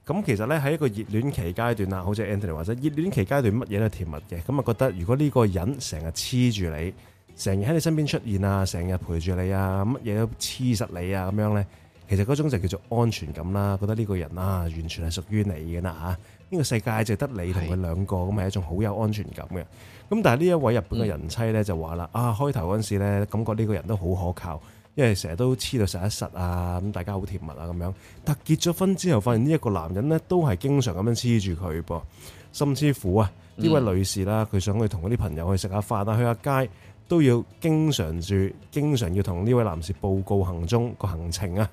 咁其實咧，喺一個熱戀期階段啊，好似 Anthony 話齋，熱戀期階段乜嘢都甜蜜嘅。咁啊，覺得如果呢個人成日黐住你，成日喺你身邊出現啊，成日陪住你啊，乜嘢都黐實你啊，咁樣咧，其實嗰種就叫做安全感啦。覺得呢個人啊，完全係屬於你嘅啦嚇。呢個世界就得你同佢兩個咁係的一種好有安全感嘅。咁但係呢一位日本嘅人妻呢，就話啦，啊開頭嗰時呢，感覺呢個人都好可靠，因為成日都黐到實一實啊，咁大家好甜蜜啊咁樣。但結咗婚之後發現呢一個男人呢，都係經常咁樣黐住佢噃，甚至乎啊呢、嗯、位女士啦，佢想去同嗰啲朋友去食下飯啊，去下街都要經常住，經常要同呢位男士報告行蹤，個行程啊，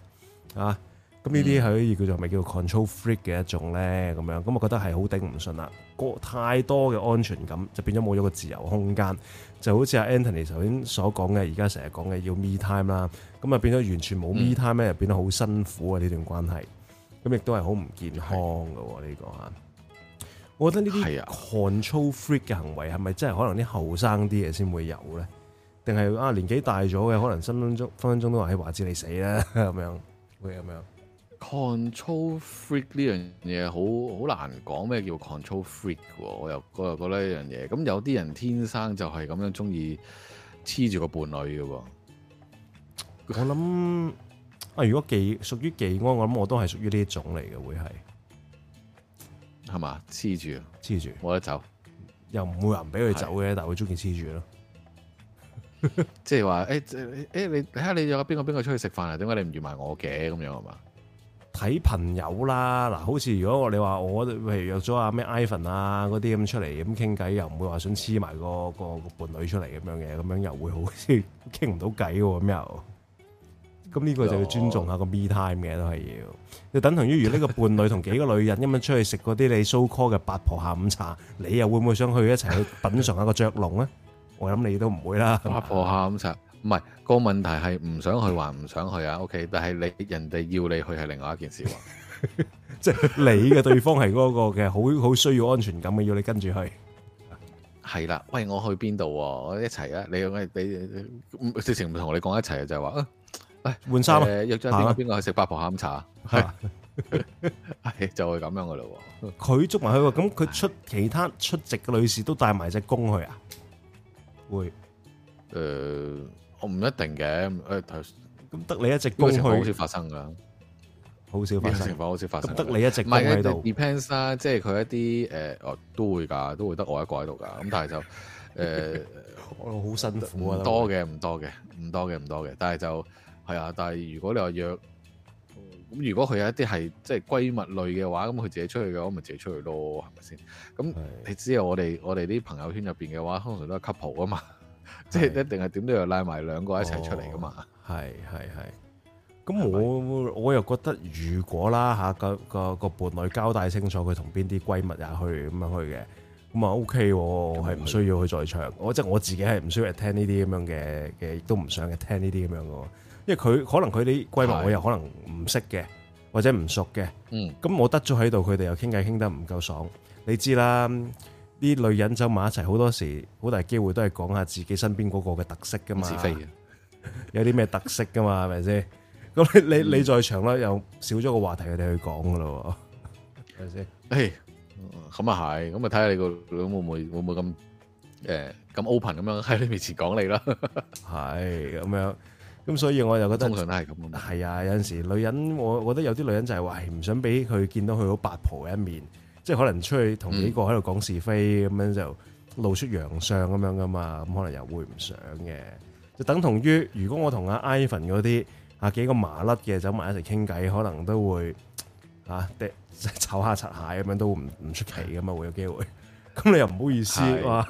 啊！咁呢啲係可以叫做咪叫 control freak 嘅一種咧？咁樣咁我覺得係好頂唔順啦。過太多嘅安全感就變咗冇咗個自由空間，就好似阿 Anthony 頭先所講嘅，而家成日講嘅要 me time 啦。咁啊變咗完全冇 me time 咧、嗯，又變得好辛苦啊！呢段關係咁亦都係好唔健康㗎喎。呢個下，我覺得呢啲 control freak 嘅行為係咪真係可能啲後生啲嘢先會有咧？定係啊年紀大咗嘅可能分分鐘分分鐘都話喺話知你死啦咁樣，會咁樣。Control freak 呢樣嘢好好難講咩叫 control freak 喎。我又我又覺得呢樣嘢咁有啲人天生就係咁樣中意黐住個伴侶嘅喎。我諗啊，如果技屬於技安，我諗我都係屬於呢一種嚟嘅，會係係嘛黐住黐住，著我得走又唔會唔俾佢走嘅，是但會中意黐住咯。即係話誒誒你睇下你有邊個邊個出去食飯啊？點解你唔預埋我嘅咁樣係嘛？睇朋友啦，嗱，好似如果我你話我，譬如約咗阿咩 Ivan 啊嗰啲咁出嚟咁傾偈，又唔會話想黐埋個個伴侶出嚟咁樣嘅，咁樣又會好似傾唔到偈喎，咁又，咁呢個就要尊重下個 me time 嘅都係要，就等同於如呢個伴侶同幾個女人咁樣出去食嗰啲你 so call 嘅八婆下午茶，你又會唔會想去一齊去品嚐下個雀龍咧？我諗你都唔會啦，八婆下午茶。唔係個問題係唔想去還唔想去啊，O K，但係你人哋要你去係另外一件事喎，即係你嘅對方係嗰個嘅好好需要安全感嘅要你跟住去，係啦，喂，我去邊度喎？我一齊啊，你咁嘅，你直情唔同你講一齊就係話啊，誒，換衫啊，約咗邊個邊個去食八婆下午茶啊？係，係就會咁樣噶咯，佢捉埋佢喎，咁佢出其他出席嘅女士都帶埋隻公去啊？會，誒。我唔一定嘅，誒、呃、頭，唔得你一直都好少發生噶，好少發生情況，好少發生。唔得你一直孤喺度，depends 啦，即係佢一啲誒、呃，都會噶，都會得我一個喺度噶，咁 但係就誒，呃、我好辛苦啊，多嘅唔多嘅，唔多嘅唔多嘅，但係就係啊，但係如果你話約，咁如果佢有一啲係即係閨蜜類嘅話，咁佢自己出去嘅我咪自己出去咯，係咪先？咁你知道我哋我哋啲朋友圈入邊嘅話，通常都係 couple 啊嘛。即係一定係點都要拉埋兩個一齊出嚟噶嘛？係係係，咁我吧我又覺得如果啦吓個個個伴侶交代清楚佢同邊啲閨蜜呀去咁樣去嘅，咁啊 O K，我係唔需要去在場，嗯、我即係、就是、我自己係唔需要聽呢啲咁樣嘅嘅，亦都唔想嘅聽呢啲咁樣噶，因為佢可能佢啲閨蜜我又可能唔識嘅，是的 或者唔熟嘅，咁我得咗喺度，佢哋又傾偈傾得唔夠爽，你知啦。啲女人走埋一齊，好多時好大機會都係講下自己身邊嗰個嘅特色噶嘛，有啲咩特色噶嘛，係咪先？咁你你你在場咧又少咗個話題，佢哋去講噶啦，係咪先？誒，咁啊係，咁啊睇下你個女會唔會會唔會咁誒咁 open 咁樣喺你面前講你啦，係咁樣。咁所以我又覺得通常都係咁，係啊，有陣時女人，我我覺得有啲女人就係話係唔想俾佢見到佢好八婆嘅一面。即係可能出去同幾個喺度講是非咁、嗯、樣就露出洋相咁樣噶嘛，咁可能又會唔想嘅，就等同於如果我同阿 Ivan 嗰啲啊幾個麻甩嘅走埋一齊傾偈，可能都會啊，即係炒下擦鞋咁樣都唔唔出奇噶嘛，會有機會，咁你又唔好意思話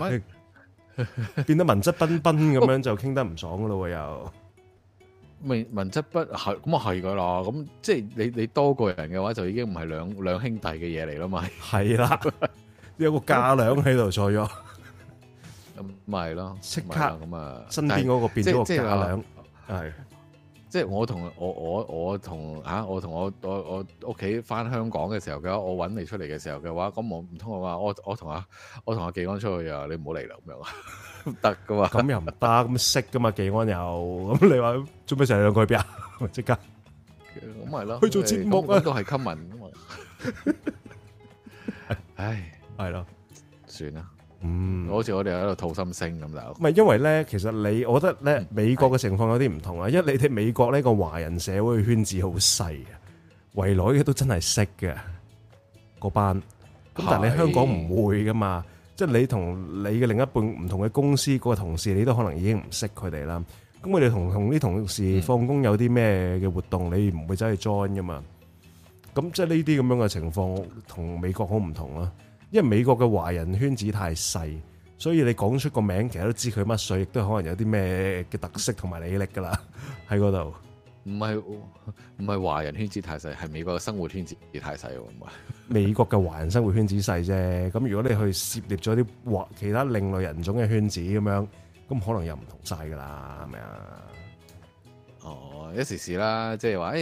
變得文質彬彬咁樣就傾得唔爽噶咯喎，又。文文質不合，咁啊係噶啦，咁即係你你多個人嘅話，就已經唔係兩兩兄弟嘅嘢嚟啦嘛。係啦， 有個架兩喺度坐咗，咁咪係咯，即刻咁啊，身邊嗰個變咗個架兩，係，即係我同我我我同嚇我同我我我屋企翻香港嘅時候嘅話，我揾你出嚟嘅時候嘅話，咁我唔通我話我我同阿我同阿技安出去啊，你唔好嚟啦咁樣啊。 唔得噶嘛，咁又唔得，咁識噶嘛，技安又，咁你話做咩成日兩個去邊啊？即刻，咁咪咯，去做節目啊，都係吸引啊嘛。唉，係咯，算啦，嗯，好似我哋喺度吐心聲咁就。唔係，因為咧，其實你，我覺得咧，美國嘅情況有啲唔同啊，因為你哋美國呢個華人社會嘅圈子好細，圍內嘅都真係識嘅，嗰班，咁但係你香港唔會噶嘛。即係你同你嘅另一半唔同嘅公司嗰個同事，你都可能已經唔識佢哋啦。咁佢哋同同啲同事放工有啲咩嘅活動，你唔會走去 join 噶嘛？咁即係呢啲咁樣嘅情況，同美國好唔同啊。因為美國嘅華人圈子太細，所以你講出個名，其實都知佢乜水，亦都可能有啲咩嘅特色同埋履歷噶啦喺嗰度。唔係唔係華人圈子太細，係美國嘅生活圈子太細喎，唔係美國嘅華人生活圈子細啫。咁如果你去涉獵咗啲華其他另類人種嘅圈子咁樣，咁可能又唔同晒㗎啦，係咪啊？一時時啦，即係話，誒、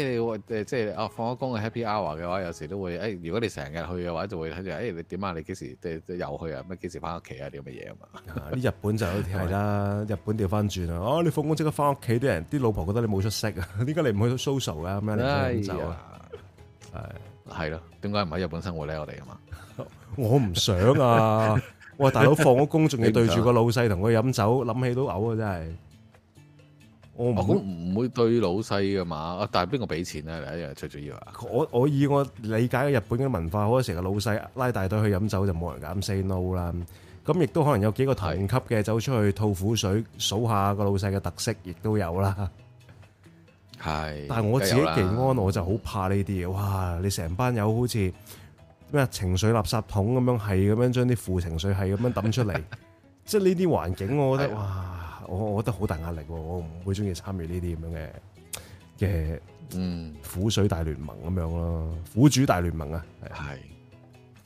哎，誒，即係，哦、啊，放咗工嘅 Happy Hour 嘅話，有時都會，誒、哎，如果你成日去嘅話，就會睇住，誒、哎，你點啊？你幾時，誒，又去啊？咩幾時翻屋企啊？啲咁嘅嘢啊嘛。啲日本就係啦，日本調翻轉啦，哦、啊，你放工即刻翻屋企，啲人，啲老婆覺得你冇出息啊，點解你唔去到 social 啊？咩咧？飲酒啊？係係咯，點解唔喺日本生活咧？我哋啊嘛，啊我唔想啊！喂， 大佬放咗工仲要對住個老細同佢飲酒，諗起都嘔、呃、啊！真係。我唔唔會對老細㗎嘛，但係邊個俾錢咧？嚟啊，最重要啊！我我以我理解嘅日本嘅文化，好多時候老細拉大隊去飲酒就冇人敢 say no 啦。咁亦都可能有幾個同級嘅走出去吐苦水，數下個老細嘅特色，亦都有啦。係，但係我自己技安，我就好怕呢啲嘢。哇！你成班友好似咩情緒垃圾桶咁樣，係咁樣將啲負情緒係咁樣揼出嚟，即係呢啲環境，我覺得哇！我我覺得好大壓力，我唔會中意參與呢啲咁樣嘅嘅，嗯，苦水大聯盟咁樣咯、嗯，苦主大聯盟啊，係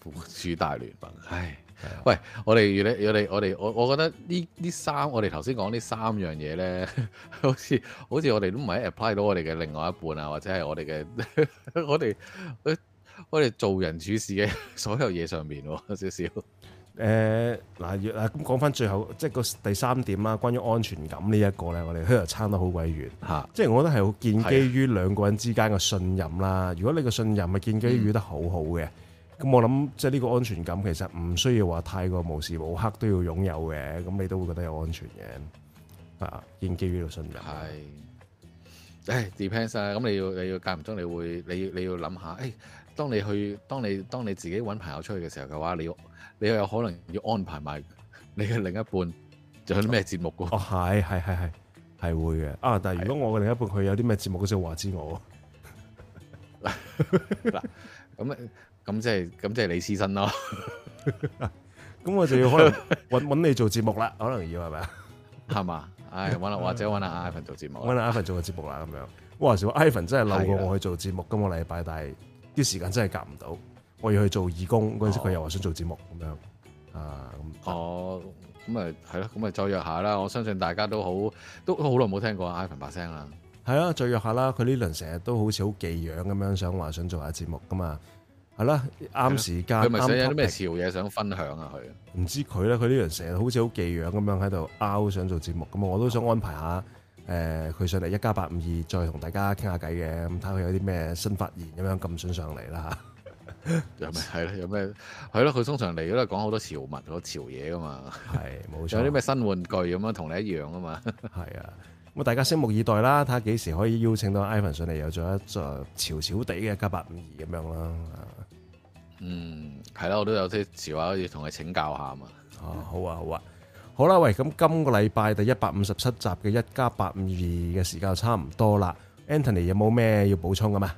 苦主大聯盟。唉，係喂，我哋我哋我哋我，我覺得呢呢三，我哋頭先講呢三樣嘢咧，好似好似我哋都唔係 apply 到我哋嘅另外一半啊，或者係我哋嘅我哋我我哋做人處事嘅所有嘢上面少少。小小誒嗱，咁講翻最後即係個第三點啦，關於安全感呢一個咧，我哋佢又差得好鬼遠，啊、即係我覺得係好建基於兩個人之間嘅信任啦。的如果你個信任係建基於得好好嘅，咁、嗯、我諗即係呢個安全感其實唔需要話太過無時無刻都要擁有嘅，咁你都會覺得有安全嘅啊。建基於個信任係，誒 depends 啊，咁你要你要間唔中，你會你你要諗下，誒、欸，當你去當你當你自己揾朋友出去嘅時候嘅話，你要。你又有可能要安排埋你嘅另一半做啲咩節目噶？哦，係係係係係會嘅啊！但係如果我嘅另一半佢的有啲咩節目，好先話知我。嗱咁咁即係咁即係你私身咯。咁、啊、我就要可能搵搵 你做節目啦，可能要係咪啊？係嘛，唉，搵、哎、或者搵阿 Ivan 做節目，搵阿 Ivan 做個節目啦。咁樣，哇！小 Ivan 真係耐過我去做節目，的今個禮拜，但係啲時間真係夾唔到。我要去做義工，嗰陣時佢又話想做節目咁樣啊，咁。哦，咁啊係咯，咁、哦、啊再約下啦。我相信大家都好，都好耐冇聽過阿阿凡把聲啦。係咯、啊，再約下啦。佢呢輪成日都好似好技癢咁樣，想話想做下節目咁嘛。係啦、啊，啱時間。佢咪、啊、想有啲咩潮嘢想分享啊？佢唔知佢咧，佢呢輪成日好似好技癢咁樣喺度 out 想做節目咁啊！我都想安排下誒，佢、哦呃、上嚟一加八五二，再同大家傾下偈嘅，咁睇佢有啲咩新發現咁樣咁想上嚟啦、啊。 有咩係咯？有咩係咯？佢通常嚟都係講好多潮文、好多潮嘢噶嘛。係冇錯。錯有啲咩新玩具咁樣同你一樣噶嘛？係啊。咁啊，大家拭目以待啦，睇下幾時可以邀請到 Ivan 上嚟，有咗一座潮潮地嘅一家八五二咁樣啦。嗯，係啦，我都有啲笑話可以同佢請教下嘛。哦、啊，好啊，好啊，好啦、啊，喂，咁今個禮拜第一百五十七集嘅一家八五二嘅時間差唔多啦。Anthony 有冇咩要補充噶嘛？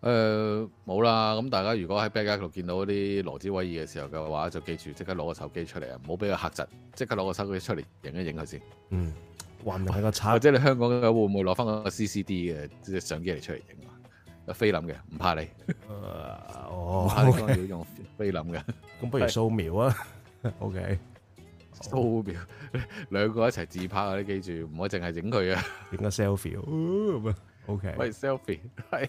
誒，冇啦、呃！咁、嗯、大家如果喺 b l a c 度見到啲羅茲威爾嘅時候嘅話，就記住即刻攞個手機出嚟啊！唔好俾佢吓窒，即刻攞個手機出嚟影一影佢先。嗯，還唔係個賊？或者你香港嘅會唔會攞翻個 C C D 嘅相機嚟出嚟影啊？菲林嘅，唔怕你。唔怕你要用菲林嘅，咁 Okay. 不如掃描啊。O K，掃描，兩個一齊自拍啊！你記住，唔可以淨係影佢啊，影個 selfie。O K，喂，selfie 係。